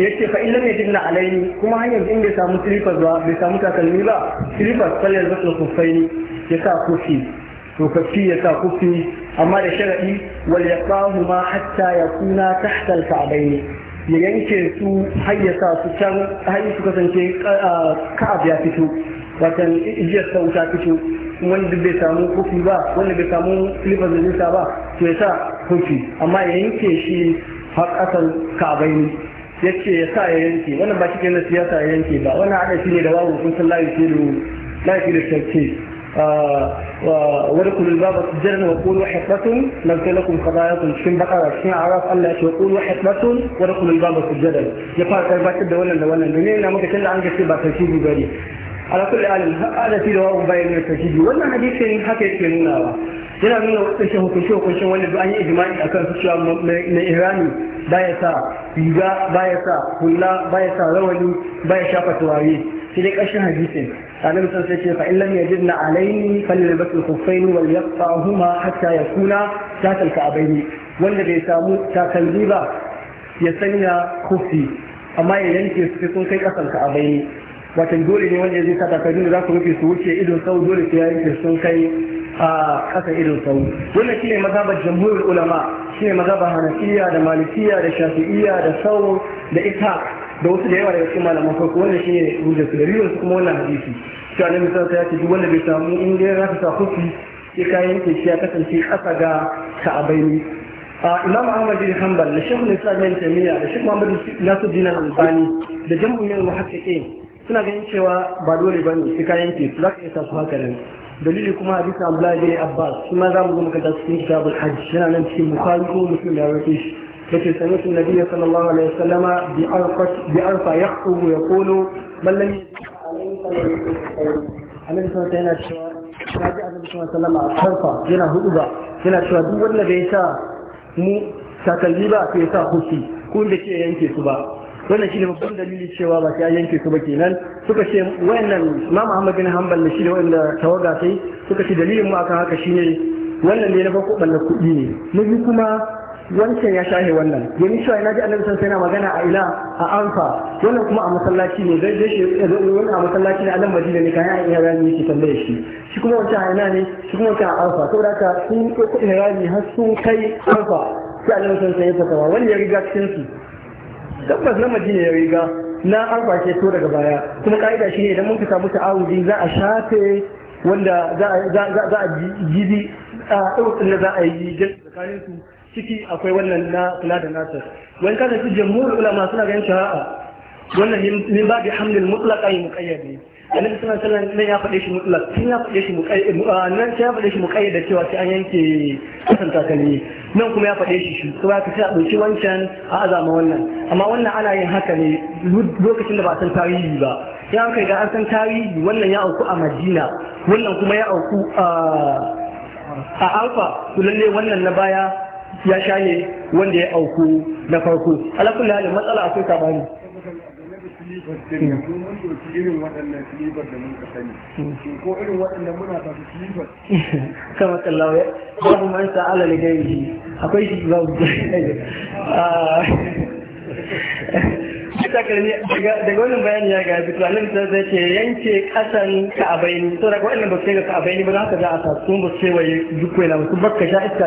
ya ce fa illam yajidna alaini kuma hanyar in bai samu slippers ba bai samu takalmi ba slippers fal yazakul khuffaini ya sa kufi to kafi ya sa kufi amma da sharadi wal yaqahu ma hatta yakuna tahta al ka'baini ya yanke su har ya sa su can har su kasance ka'ab ya fito watan igiyar sa wuta fito wanda bai samu kofi ba wanda bai samu silifar da zai ba to ya sa kofi amma ya yanke shi har ƙasar kabai ne ya ce ya sa ya yanke wannan ba shi ke na siyasa ya yanke ba wannan haɗa shi ne da babu kun san layu ke ah, da layu da sarki ولكم الباب سجلا وقولوا حكمة نغفر لكم خطاياكم شن بقرة شن ba الله شو وقولوا حكمة ولكم الباب سجلا يقال كلمة كده ولا ولا منين أنا ممكن كده عن كده بس شيء بيبالي ala kulli alim hada fi da wawu bayan ne tajidi wannan hadisi ne haka yake nunawa yana nuna hukuncin hukuncin hukuncin wanda duk an yi ijma'i akan su cewa na irani baya sa riga baya sa hulla baya sa rawani baya shafa turare sai dai ƙarshen hadisin annabi sun sai ce fa in lam yajidna alayni falyalbasu khuffaini wal yaqta'huma hatta yakuna tahta al wanda bai samu takalmi ba ya sanya kufi amma ya yanke su sun kai kasan ka'abai watan dole ne wanda ya zai saka kaduna za ku rufe su wuce idon sau dole sai ya sun kai a kasa idon sau wannan shine mazhabar jamhurin ulama shine mazhabar hanafiya da malikiya da shafi'iya da sau da ita, da wasu da yawa daga cikin malaman farko wannan shine hujjar su da riyon su kuma wannan hadisi cewa na misal ta yace duk wanda bai samu in dai za ka sa kufi sai ka yanke shi ya kasance ƙasa ga ka'abaini imam ahmad bin hanbal da shehu islam bin tamiya da shehu muhammad bin al-albani da jam'u min muhaqqiqin suna ganin cewa ba dole ba ne suka yanke su za ka isa su haka nan dalili kuma hadisi abdullahi bin abbas su ma za mu zo ta cikin kitabul hajj yana nan cikin bukhari ko muslim ya rufe shi yace sami'tu nabiyyi sallallahu alaihi wasallama bi arfa bi arfa yaqulu yaqulu man lam annabi sallallahu ta yana cewa kaji annabi sallallahu alaihi a arfa yana hudu ba yana cewa duk wanda bai sa mu takalmi ba sai sa hufi ko da ke yanke su ba wannan shine babban dalili cewa ba ya yanke su ba kenan suka ce wayannan ma Ahmad bin Hanbal ne shine wanda tawaga sai suka ce dalilin mu akan haka shine wannan ne na farko ballan kuɗi ne na biyu kuma wancan ya shahe wannan yayin cewa naji Annabi sai yana magana a ila a Anfa wannan kuma a masallaci ne zai je shi wannan a masallaci ne a nan Madina ne kayan iya rami yake tambaye shi shi kuma wancan a ina ne shi kuma wancan a Anfa saboda haka sun kuɗin rami har sun kai Anfa sai Annabi sallallahu alaihi wasallam ya fatawa wani ya riga cikin su tabbas na madina ya riga na arba ke to daga baya kuma ka'ida shi ne idan mun fita musu awudi za a shafe wanda za a jibi a ɗaukacin da za a yi jinsu tsakanin su ciki akwai wannan na kula da nasir wani kasance jamhur ulama suna ganin shara'a wannan min ba da hamlin mutlaka yi muƙayyade annabi sallallahu alaihi wasallam nan ya faɗe shi mutlaq ya faɗe shi muqayyad nan sai ya faɗe shi muqayyad da cewa sai an yanke kasan takalmi nan kuma ya faɗe shi shi to ya kace a dauki wancan a azama wannan amma wannan ana yin haka ne lokacin da ba san tarihi ba ya kai ga an san tarihi wannan ya auku a Madina wannan kuma ya auku a a Alfa wannan na baya ya shaye wanda ya auku na farko alakulli halin matsala akwai sabani da yanzu mun irin waɗannan da mun ka sani ko irin waɗannan muna su kama kallawa akwai shi daga wannan bayani ya ga bitu alim ta zai ce yanke kasan to daga wannan ba ga ba za a sa ba duk ka sha iska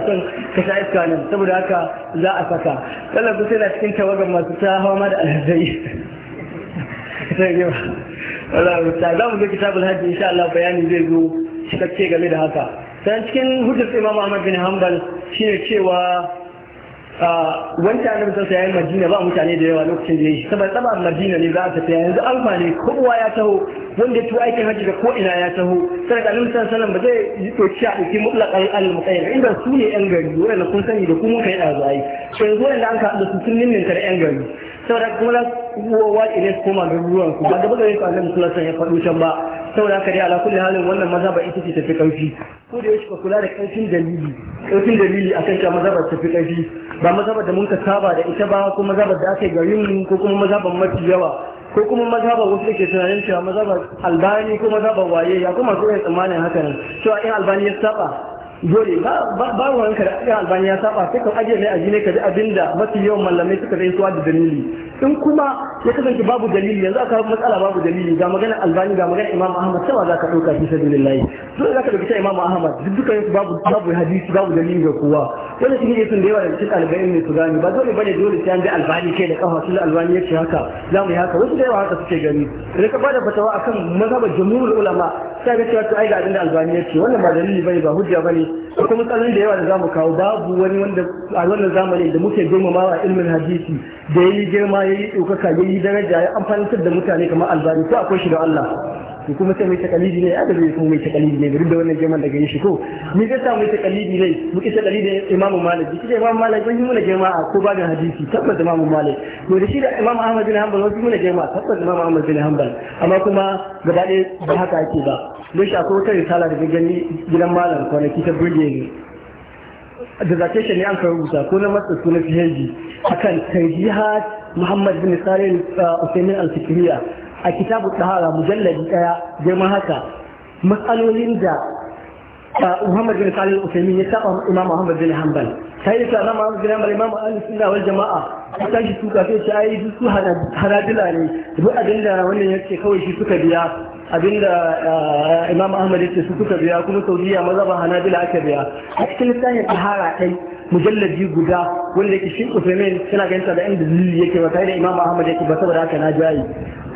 ka sha iska nan saboda haka za a saka kallon ku sai na cikin tawagar masu ta hawa ma da alhazai za mu zo kitabul hajji insha Allah bayani zai zo cikakke game da haka sannan cikin hujjar imam Ahmad bin Hanbal shine cewa wancan annabi sai yayin Madina ba mutane da yawa lokacin da yayi saboda tsaba Madina ne za a tafi yanzu alfa ne kowa ya taho wanda tuwa aikin hajji da ko ina ya taho sai da annabi sallallahu alaihi ba zai yi doki a dake mutlaqal al-muqayyad inda su ne yan gari wanda kun sani da kuma kai da zai sai yanzu wanda an ka da su sun da yan gari saboda kuma kowa ne kuma ruwan ku ba da bugare ka annabi sallallahu san ya faɗo can ba saboda haka dai ala kulli halin wannan maza mazhaba ita ce tafi kaushi ko da yake kula da kaushin dalili kaushin dalili akan cewa mazhabar tafi kaushi ba ba da mun ka saba da ita ba ko ba da aka yi garin mu ko kuma ba mafi yawa ko kuma mazhaba wasu ke tunanin cewa mazhaba albani ko mazhaba waye ya kuma so ya tsammanin haka nan cewa in albani ya saba dole ba ruwan ka da albani ya saba sai ka ajiye ne aji ne ka ji abinda mafi yawan mallamai suka zai tuwa da dalili in kuma ya kasance babu dalili yanzu aka matsala babu dalili ga magana albani ga magana imam ahmad cewa za ka ɗauka shi sabilillahi dole za ka ɗauki imam ahmad duk babu babu hadisi babu dalili ga kowa dole sun yi sun da yawa da cikin albani ne su gani ba dole bane dole sai an bi albani kai da kafa su albani ya ce haka za mu yi haka wasu da yawa haka suke gani da ka bada fatawa akan mazhabar jumhurul ulama ta ga cewa to ai ga abin albani ya ce wannan ba dalili bane ba hujja bane kuma matsalolin da yawa da zamu kawo babu wani wanda a wannan zamani da muke girmamawa ilmin hadisi da yayi girma yayi ɗaukaka yayi daraja ya amfanar da mutane kamar albani ko akwai shi da Allah to kuma sai mai takalidi ne aka zai kuma mai takalidi ne duk da wannan jaman daga yi shi ko ni zai sa mai takalidi ne muke takalidi imam malik shi da imam malik ban yi muna jama'a ko ba da hadisi tabbata imam malik to da shi da imam ahmad bin hanbal wasu muna jama'a tabbata imam ahmad bin hanbal amma kuma gaba ɗaya ba haka ake ba don shi akwai wata risala da gani gidan malam kwanaki ta burge ne Da dissertation ne an ka rubuta ko na masa sunan PhD akan tarjihat Muhammad bin Salim uh, Usaimin al-Fikriya a kitabu ɗahara mujalladi ɗaya girman haka matsalolin da Muhammad bin Salih Usaimin ya saba Imam Muhammad bin Hanbal sai ya Imam Muhammad bin Hanbal Imam Ahlus Sunna wal Jama'a ta shi suka sai ce ai duk su haradila ne duk abinda wannan yake kawai shi suka biya abinda Imam Ahmad yake su suka biya kuma Saudiya maza ba hanabila aka biya a cikin lissafin tahara dai mujallaji guda wanda yake shi Usaimin yana ganin da inda dalili yake ba sai da Imam Ahmad yake ba saboda haka na jayi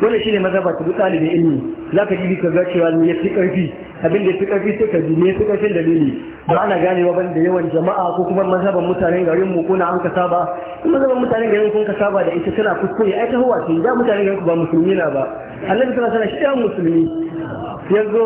dole shi shine mazaba ta duk ɗalibin ilimi zaka ji ka ga cewa ya fi ƙarfi abin da suka fi suka ji suka fi dalili ba ana gane wa da yawan jama'a ko kuma mazhaban mutanen garin mu ko na an kasa saba mazhaban mutanen garin kun kasa saba da ita tana kuskure ai ta huwa ce da mutanen garin ku ba musulmi na ba annabi sallallahu alaihi wasallam shi musulmi yanzu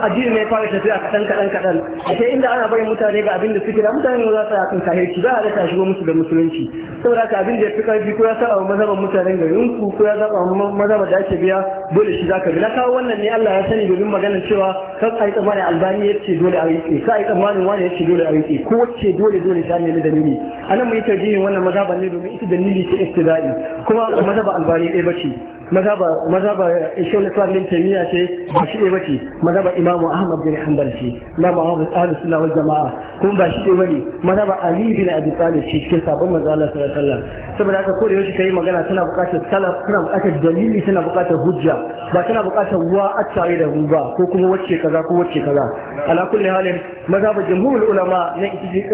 addini ne fara a kaɗan kaɗan kaɗan ake ce inda ana bari mutane ga abin da suke da mutane za su yakan kahirci za a rasa shigo musu da musulunci saboda ka abin da ya fi ƙarfi ko ya saba wa mazhaban mutanen garin ku ko ya saba wa mazhaban da ake biya dole shi za ka bi na kawo wannan ne Allah ya sani domin maganar cewa kan a yi tsammani albani ya ce dole a rike ka a yi tsammani wani ya ce dole a rike ko wacce dole dole ta nemi dalili a nan mu yi tarjihin wannan mazhaban ne domin ita dalili ce iftida'i kuma ba albani ɗaya ba ce. Mazaba ishon islam min tamiya ce ba shi ne bace mazaba imamu ahmad bin hanbal ce imamu ahmad ahlus sunna wal jamaa kun ba shi ne bane mazaba ali bin abi talib ce cikin sabon manzo Allah sallallahu alaihi wasallam saboda haka ko da yaushe kai magana tana buƙatar salaf tana buƙatar dalili tana buƙatar hujja ba tana buƙatar wa a tare da mu ba ko kuma wacce kaza ko wacce kaza ala kulli halin mazaba jumhurul ulama na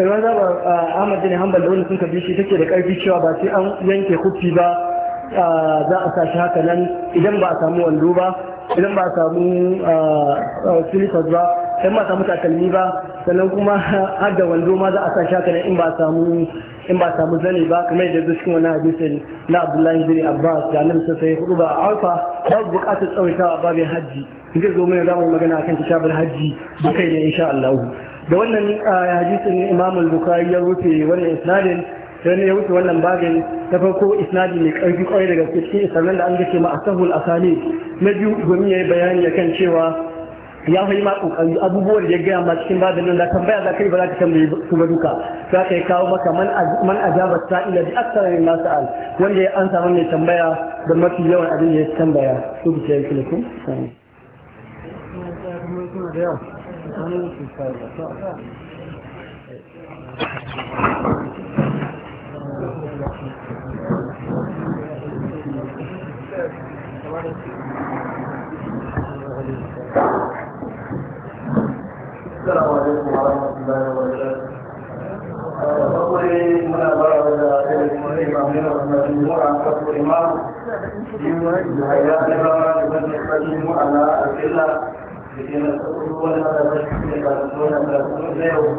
mazaba ah, ahmad bin hanbal da wani sun kabi shi take da karfi cewa ba sai an yanke hukki ba za a sa shi haka nan idan ba a samu wando ba idan ba a samu silikas ba idan ba a samu takalmi ba sannan kuma har da wando ma za a sa shi haka nan in ba a samu zane ba kamar yadda zai cikin wani hadisin na abdullahi bin abbas da nan sai sai hudu ba a alfa babu bukatar tsawaitawa babin hajji zai zo mana zamu magana kan tashabar hajji da kai ne sha Allah da wannan hadisin imam bukari ya rufe wannan isnadin sai ne ya wuce wannan babin ta farko isnadi mai karfi kwarai daga cikin sannan da an gace ma asahul asali na biyu domin ya yi bayani kan cewa ya fi ma kokari abubuwan da ya gaya ma cikin babin nan da tambaya za ka yi ba za ka tambaye su duka za ka yi kawo maka man ajaba sa'ila bi aksara min masu al wanda ya ansa mai tambaya da mafi yawan abin da ya tambaya su bi sai kulku السلام عليكم ورحمة الله وبركاته. فقولي من أبا ولا مجموعة فقول إمام يهيأ لما يبني على الأسئلة لكي نستطيع ولا نستطيع أن نستطيع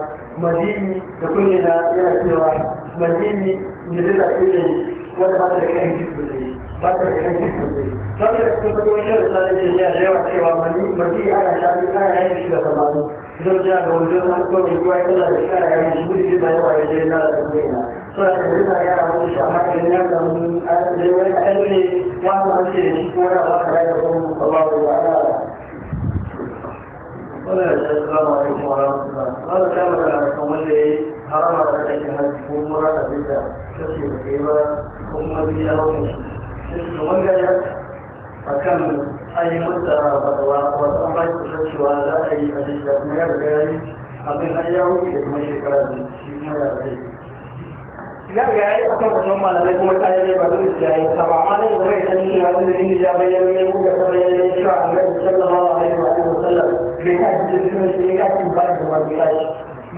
madini da kulle na yana cewa madini ne zai da kulle wanda ba ta da kan kitu da yi ba ta da kan kitu da yi da kuma kuma wani shirin da yana yawa cewa madini ana shafi ana yayin shi da samani don jiya ga wani don an kone kuwa ya kula da shi ana yayin shi gudu ba yawa ya je na da na so da kuma yana yara wani shi amma idan ya samu an da wani kaɗan ne wani wani shi da shi ko wani abu da ya kuma ba wa ba ولا السلام عليكم ورحمة الله هذا كان كمان لي حرام على تجهز كمرة تبدا تسير كيما كم بيا ومش كمان جاي أكمل أي مدة بدوا وأنا بس ولا أي أشياء ما يبغى abin har ya wuce da kuma shekara da shi kuma ya zai ya ga yayi akan wannan malamai kuma ta yi ba zai ji yayi ta ba amma dai bai san ni ya wanda ni ya bayyana ne ko ya bayyana ne cewa Annabi sallallahu alaihi wa sallam bai sa shi da sunan shi ya gashi ba da wani gashi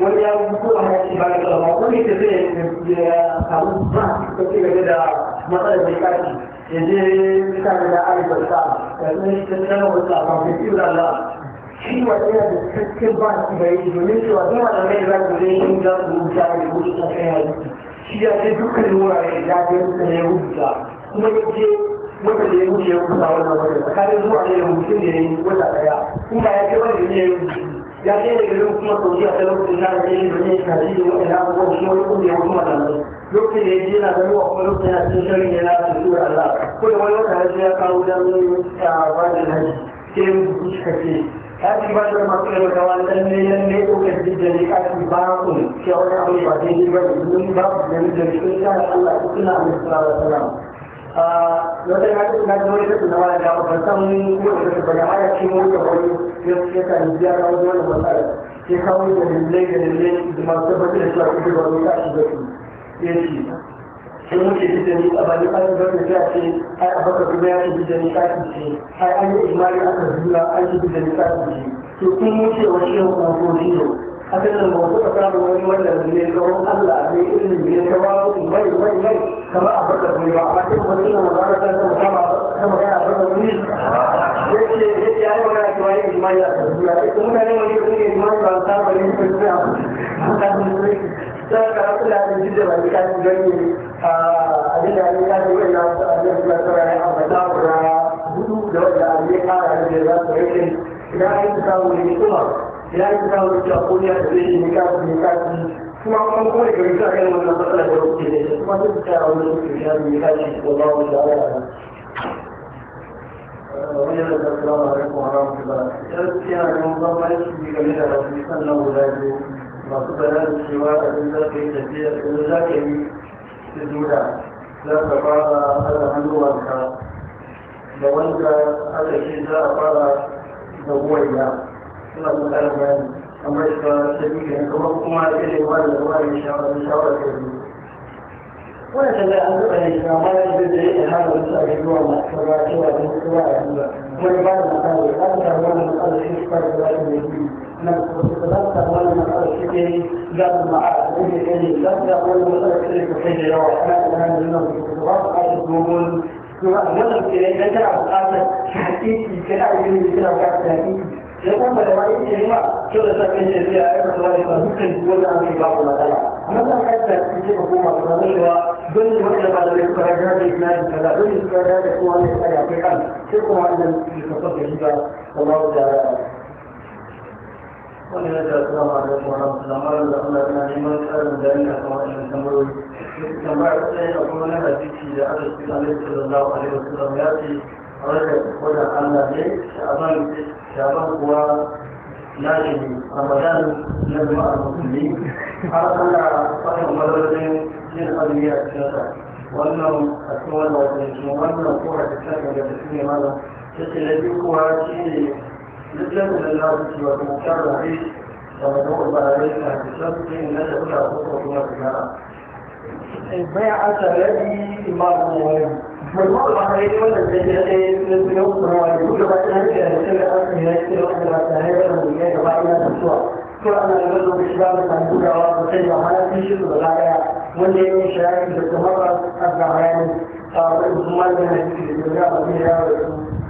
wani ya ko a gashi ba da kalma ko ne da zai ya samu ba ko ce game da matsalar bai gashi ya je mutane da alibarta da sunan shi ta tsanar wasu a kan fi Allah shi wata yana da cikakken ba shi bai yi domin cewa zama da mai za ku zai yi za ku rubuta da rubuta ta kai shi ya ce dukkan wurare da ya rubuta kuma ya ce wata da ya ya kusa wannan wata tsakanin zuwa ne da mutum da ya yi wata daya kuma ya ce wani da ya yi ya ce da garin kuma saudiya ta lokacin na da ya yi da ya yi kaji da wani na abubuwan shi wani kuma ya kuma da mai lokacin da ya yana na garuwa kuma lokacin yana cikin shirin yana da tura Allah ko da wani wata ya kawo dan bajin ci ba mutum suka ce هذه بدر مكة وتولى الليل أكذب لأهل باطل في أول أمر بعدين بدر من باب من جميع الله كنا عليه الصلاة والسلام lokacin haka suna da wani kasu na wani da ban san ko ba da haya cikin da wani ya da biya da wani wani matsala sai kawo da dalilai da dalilai da masu da cewa kuma ba wani kashi da ya ce sai muke ji da ni a bani kashi da wani ya ce ai a baka kuma ya ce ji da kashi ce ai an yi imani aka zuwa an ji da ni kashi ce to kun wuce wa shi yau kuma ko shi أكن الموضوع كان وين ولا من يكون ألا بإذن بيتواو مي مي مي كما أبدا في بعض المدينة مدارة كما كما كان أبدا في يجي يجي أنا وين كواي ما يأكل يعني كم أنا ولا كواي ما يأكل ولا كواي كانت لها من جدا بعد كان جاي أجل أن كان يقول إلى أن يقول ترى أبدا ولا بدو لو لا يقال عن الجزاء ولكن لا يتساوي الأمر ya yi kawo da ko ya da shi ne ka ne ka kuma kuma ko ne ga isa ga wannan matsala da kuke da shi kuma duk da wannan kuke da ne ka shi ko ba mu da ala wajen da salamu alaikum wa rahmatullah gaskiya ne ban ba shi game da rafi sannan guda biyu masu bayanin cewa a duk za ka yi tafiya in za ka yi sujuda za ka fara haɗa hannuwanka da wanda aka ce za a fara da goyi suna bukatar bayani amma shi ba sabida kuma kuma irin wani da wani shawara shawara ta yi wani sanda an zuba ne shi amma ya zai zai da hana wasu a rikuwa masu kaba cewa don kowa a duba wani ba da matsala ya ba da wani matsala shi shi ba da wani mai biyu na kusa za ta wani matsala shi ke za su ma'a a kuma ya ne za ta wani matsala shi ne ka kai da yawa ana da wani nuna ba su kashe dogon kuma wannan ke ne kana bukatar hakiki kana yin kana bukatar hakiki ya kuma da wani ce ma to da sabbin ce sai a yi masu wani ba dukkan kuwa da abin ba ku matsala amma zan haifar da ce ba kuma su zama cewa don ne wanda ba da wani kwarar da ina da kaza don ne suka da kowa ne tsaya kai kan sai kuma wannan su ka fafa shi ba da ma da wani ya ta tsara ma da kuma na mara da Allah na neman tsarin da yana kama da yin tambayoyi tambayar tsaye a kuma na hadisi da aka fi tsanin sallallahu alaihi wasallam ya ce رجب ولا على ليه شعبان شعبان هو لازم رمضان لازم المسلمين حرص على صحيح مدرسين للأدوية الشتاء وأنهم أسوال وأسوال وأن الصورة الشتاء يتسمي ماذا تسي الذي هو شيء لازم لله سوى المكار العيش ومدعو البلدين بسبب أن لا تكون أسوال في البيعة الذي إمام الله مجموع العملية والتسجيلات من اليوم هو كل بعد هذه السنة أصلا يأتي واحد بعد هذا المجال وبعدها تسوى كل أنا أقول لهم الشباب مثلا كل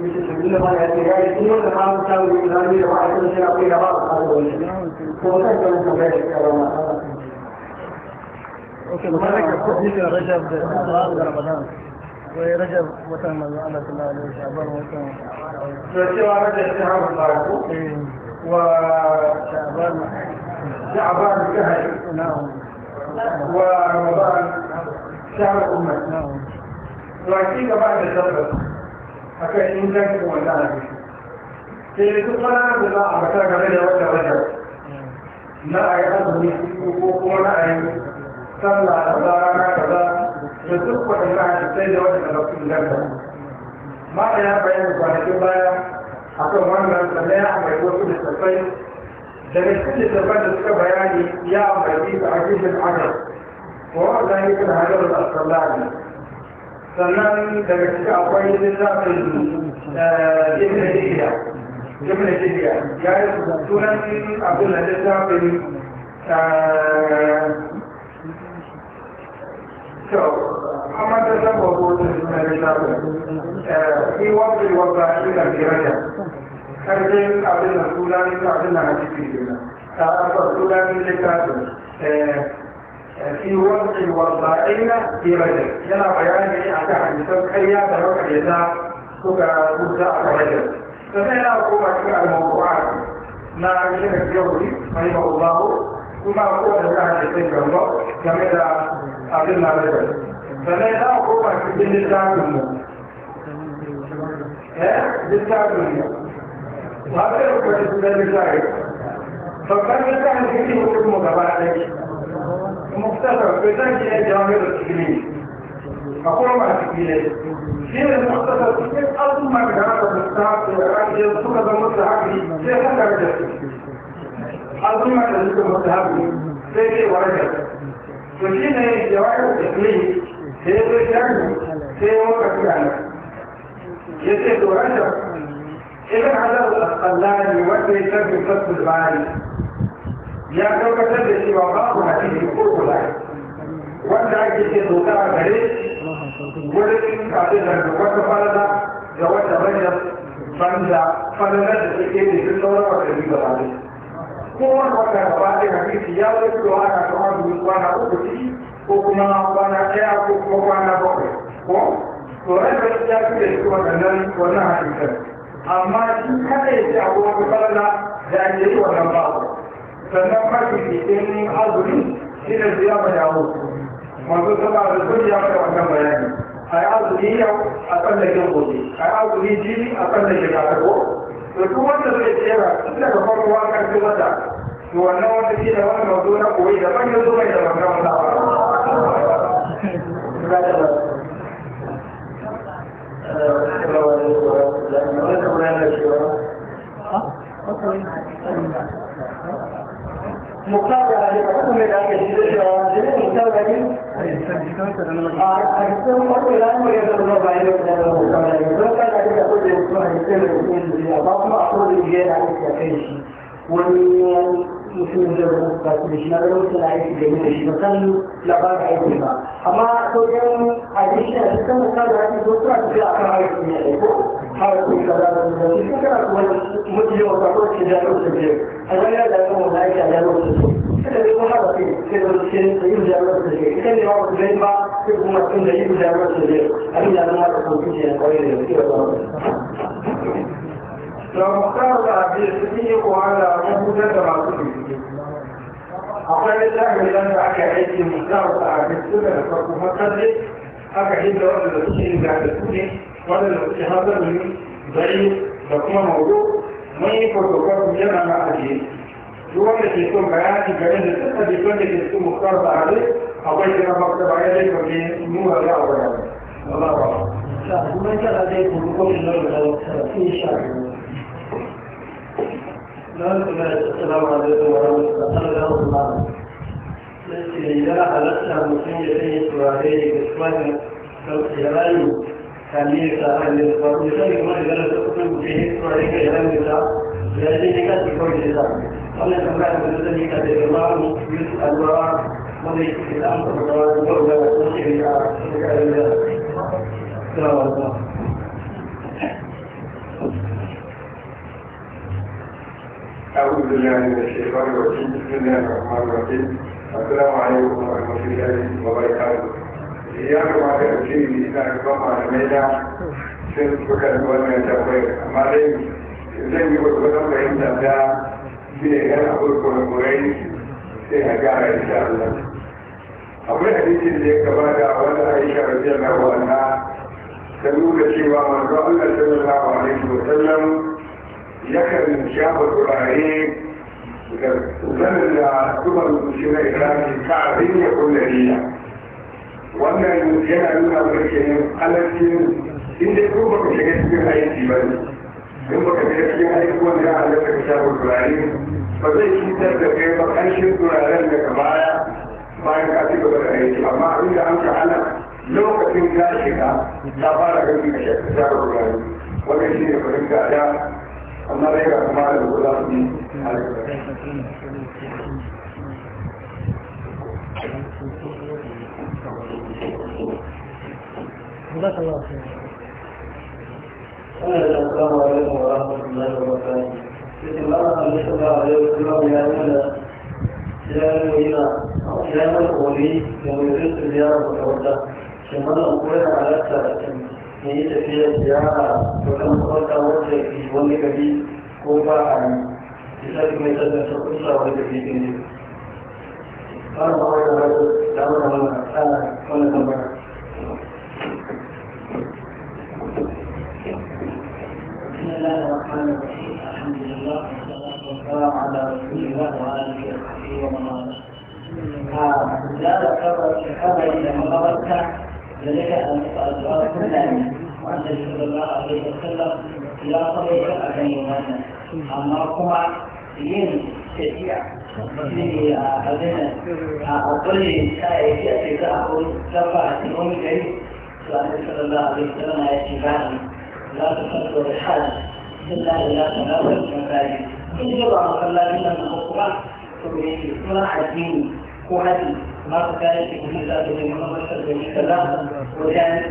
يستحملون ما يأتيون لما مساوي الإسلامي رجب وشعبان شعبان شهر نعم ورمضان شهر أمة نعم وأكيد بعد الزبط akan ingancin wanda hadisi sai duk ranar da za a fata game da wata wata na a yi azumi ko kuma na a yi sallah da za rana da za da duk a hadisai da wata da sun ganta ma da ya bayyana kwanakin baya A kan wannan sannan ya amai wasu Da littattafai daga cikin littattafan da suka bayani ya amai bisa a cikin adam wa wanda ya kan hajjar da asallani sannan daga cikin akwai littafin ibn jihiya ibn jihiya ya yi sunan abin da littafin أما تسبب من الشر في وضع وضعين الدرجة أرجل أبن السوداني أبن الحديث فينا أبن السوداني آه، لكاتب آه، في وسط الوضعين في رجل yana bayani ne a kan hadisan karya da lokacin da suka rubuta a kan rajul sannan yana koma cikin al-mawdu'at na shirin yawri rahimahu Allah kuma ko da ta hadisan gambo game da abin na rajul sannan yana koma cikin littafin mu eh littafin mu ba da rubuta da littafin babban littafin cikin mutum gaba ɗaya المختصر بتنجي الجامعة التكليف أقول مع التكليف شيء المختصر تكليف أظن ما بجانب المستحق العراقي يصدق هذا المستحق في حتى رجل أظن ما تجد المستحق في شيء ورجل فشيء جواب التكليف هي بجانب هي وقت يعني يسير ورجل إذا على الأقلان يودي شرب الفصل البعالي ya tabbatar da cewa babu hadisi ko kula wanda ake ke doka a gare wurin kafin da wata falala da wata manyan banza falalar da suke da duk sauran watanni gaba ne kowane wata gaba ɗaya hadisi ya zai fito ana kamar dubu kwana uku ci ko kuma kwana ɗaya ko kuma kwana bakwai ko ya fi da shi wannan amma shi kada ya ce da ake yi wannan sannan mafi ɗin azumi shi ne su yaba da abu masu saba da sun ya kai wannan bayani a yi azumi yau a tsallakin gobe a yi azumi jini a tsallakin katako da duk wanda zai tsera tun daga farko an karfi wata to wannan wata shi da wani mazo na koyi da ban yanzu mai da wannan wata ba. Okay. muktar da ake da ake shi a wajen jini da ake a ƙarshen kwanci ranar da ya zama bayan da ya zama bayan da ya zama bayan da ya zama bayan da zama bayan da ya da ya zama bayan da ya zama bayan da ya zama bayan ya zama bayan da ya zama bayan da ya zama bayan da ya zama bayan mutum da ba su shi na aiki da yi da shi musamman labarin aiki ba amma to yan abinci a cikin musamman da a kan aiki ne ko har su yi kaza da su kan kuma da su a da na aiki a su kuma sai da da su ita ne ma sai kuma sun da su da da ومختار باسمه وعلى مهدة رسوله أقول الله لن أحكى عيدي مختار باسمه لفرق مقدس أكا حين ولا لكي إذا تكوني ولا لكي هذا من ضعيف لكما موضوع من يفرقكم جمع مع أجيب يوانا كيكون بياني بيان لتسا بيكون كيكون مختار بعضي أقول كما مكتب عيدي فمن نوها لا أولا الله أعلم. ومن كان لديكم بكل الله إن شاء الله. السلام عليكم ورحمة الله وبركاته. إذا حدثنا مسلم في سواري بسمان كالسيراني كامير ساحل ومثال كما إذا تكون به سواري كيران بسا لذلك تكون بسا قال سمع بسني كالإمام يسألوا ومن الإسلام فقال وقال وقال وقال وقال وقال أعوذ بالله من الشيطان الرجيم بسم الله الرحمن الرحيم السلام عليكم ورحمة الله وبركاته ya kamata a ce ni na ga malamai na sun suka da wannan tambayar amma dai zan yi gwargwadon fahimta ta shi ne yan abubuwan kurai sai a gara insha Allah akwai hadisin da ya gabata wanda Aisha radiyallahu anha ta nuna cewa manzo Allah sallallahu alaihi wa sallam يكر من شاب القرآنين وزمن كبر المسلمين إخلاقي تعبية كلية وأن المسلمين أدونا بركين ألسين إن تكون بك شكسين أي سيبان إن بك شكسين أي كون يا عزتك شاب القرآنين فزي شدة دقيقة أي شد القرآن لك بايا بايا كاتب القرآنين أما أريد أن تعلم لوكة كاشفة تبارك من شكسين القرآنين وكشين فرنك أدام amma dai ga kuma da za su yi جزاك الله خير. السلام عليكم ورحمة الله وبركاته. بسم الله الرحمن الله يا مولى يا مولى يا مولى يا مولى يا مولى يا مولى يا مولى يا مولى يا مولى ya yi tafiyar ziyara da kan kwata wata ya fi wani gari ko ba a yi isa ki mai tsaddata kusa wani gari ɗin ne ba ma wani da wani damar wani tsara wani tambara بسم الله الرحمن الرحيم الحمد لله والصلاه والسلام على رسول الله وآله وصحبه ومن والاه. هذا كبر الحبل لما لذلك الدعاء الثاني وأن صلى الله عليه وسلم إلى صلية أبي مهند أما كما ين شجيع في أذن أقول شيء يأتي أقول لما أتيهم إليه فأن صلى الله عليه وسلم يتبعني لا تصدق الحاج إلا إلى تناول المساجد إن جرى صلى الله عليه وسلم القرآن فبيت القرآن الديني وهذه ما كانت في كل ذات من محمد صلى الله عليه وسلم وكان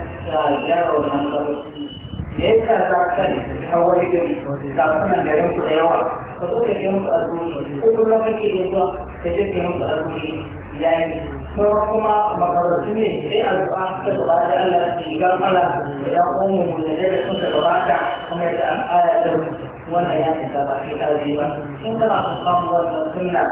جاره من قبل ليس ذاك تحول إلى ذاك من يوم الحيوان فتقول يوم الأربعين كل رفق يوم تجد يوم الأربعين يعني فرقما مقررتني في القرآن تتراجع التي قال على يقوم بالذين تتراجع هم يتأمل لهم والآيات تتراجع في هذه وانتظر الخمر والسنة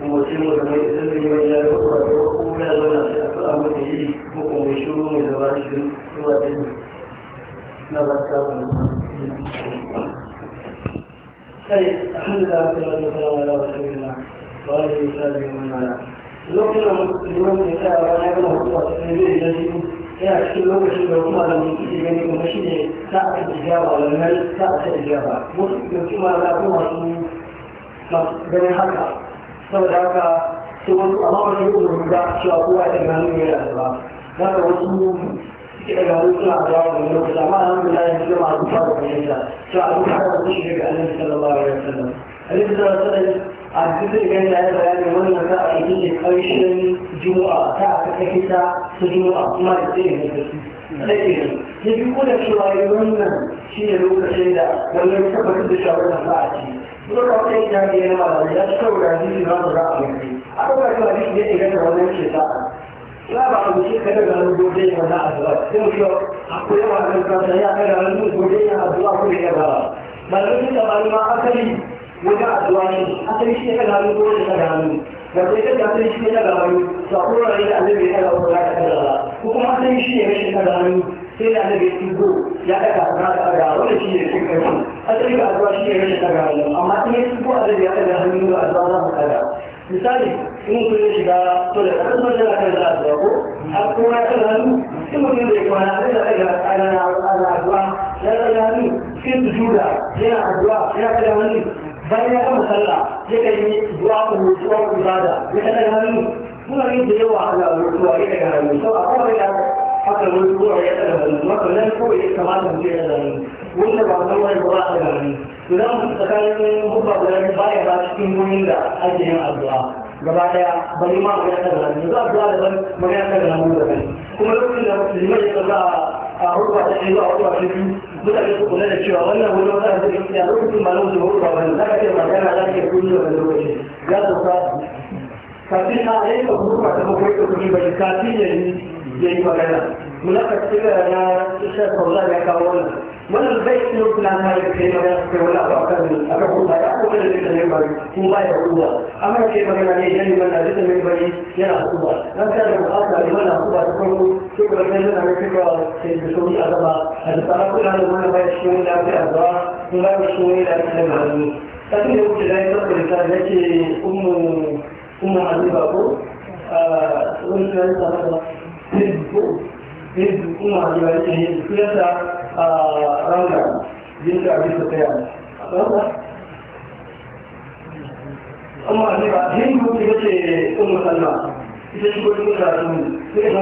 mutum da mai zirgin mai ya yi kuwa da ko ya zauna shi a kan abu da yi ko kuma mai shuru mai zama shi zuwa da yi na ba ta wani kai alhamdulillah ta wani salamu ala wa sallallahu wa alaihi wa sallam wa lokacin da mutum ne ta wani ya gama hukuwa ta ne zai da shi yana cikin lokacin da kuma da mutum ke gani kuma shi ne sa'ar ijaba wannan sa'ar ijaba wasu da kuma na kuma su ganin haka saboda haka sai wasu amma ba shi da cewa kowa ya gano ne yana da ba za ka wasu suke da wani suna da yawon da lokaci amma alhamdulillah ya zama a duka da da cewa a duka da kuma shiga ga sallallahu alaihi wasallam alaihi sallallahu alaihi wasallam a zai gani ya yi bayani wannan za a yi ne ƙarshen juma'a ta a kaka kita ta juma'a kuma da yi da su ne ya fi kuna cewa yi wannan shi ne lokacin da wannan tabbatar da shawarar da a ci lokacin da ya yawa da ya saurari ne ba su ra'a yanzu a lokacin da ne ne ga wannan ke sa'a ya ba a wuce kada ga nan gobe ya na addu'a sai mu akwai yawa kan kasa ya kada ga nan gobe ya addu'a ko ya ba malamin da ba ma asali wajen addu'a ne asali shi ya ga nan gobe ya ga nan da kai kada asali shi ya ga nan to a kowa ne da annabi ya ga wannan kada ko kuma asali shi ya ga nan sai da annabi ya tubo ya daga hannu da daga wanda shi ne cikin ƙarfi asali ga addu'a shi ne rashin daga hannu amma in ya tubo annabi ya daga hannu da addu'a za mu daga misali in mutum ya shiga to da ƙarfin sun jira kan addu'a ko har kuma ya kan hannu in mutum bai kuma na zai daga ana ana addu'a ya daga hannu sai su juda yana addu'a ya daga hannu bayan ya kama sallah ya kan yi du'a ko mutuwa ko ibada ya daga hannu muna yin da yawa ana mutuwa ya daga hannu sau a kawai da حتى لو الاسبوع يأذى المرأة لا يكون يتمعنا في هذا وإن بعض الله يبقى أخذ مني لذلك مستقال من مبقى بلاني باية بعد شكين مهندا أجهن أبقى جبالة بلما يأخذ مني وذلك أبقى لبن ما يأخذ مني كما لو كنا لما يتبقى أحبا تحيبا أحبا شكين بدأ يقول لنا الشيء وانا هو لو كان ذلك يأخذ مني ما لو زبور بابا لك يا مكان عليك يكون لنا من الوجه يا دكتور كاتينا ايه كبروك ما تبقى كبروك ما تبقى كبروك ya yi magana munafar cika na isa saula ya kawo wannan wannan bai yi nufin na mai kai magana kai wani abu akan akan kuma ya kuma da zai tsaye bari kuma ba ya kuma amma kai magana ne yana mana zai tsaye bari yana kuma na ta da buƙata ne mana kuma ta farko sai kuma sai yana mai cika sai da sauri a gaba a da tsara kula da wani bai shi wani lafiya ba kuma ba shi wani lafiya da hannu kafin da wuce zai tsakkarta yake ummu ummu habiba ko wani kan tsara hizbu hizbu kuma a jiwa ne hizbu su yasa a ranga yin da abin da tsaya a ranga amma ne ba hizbu ita ce umar salma ita shi gwajin da su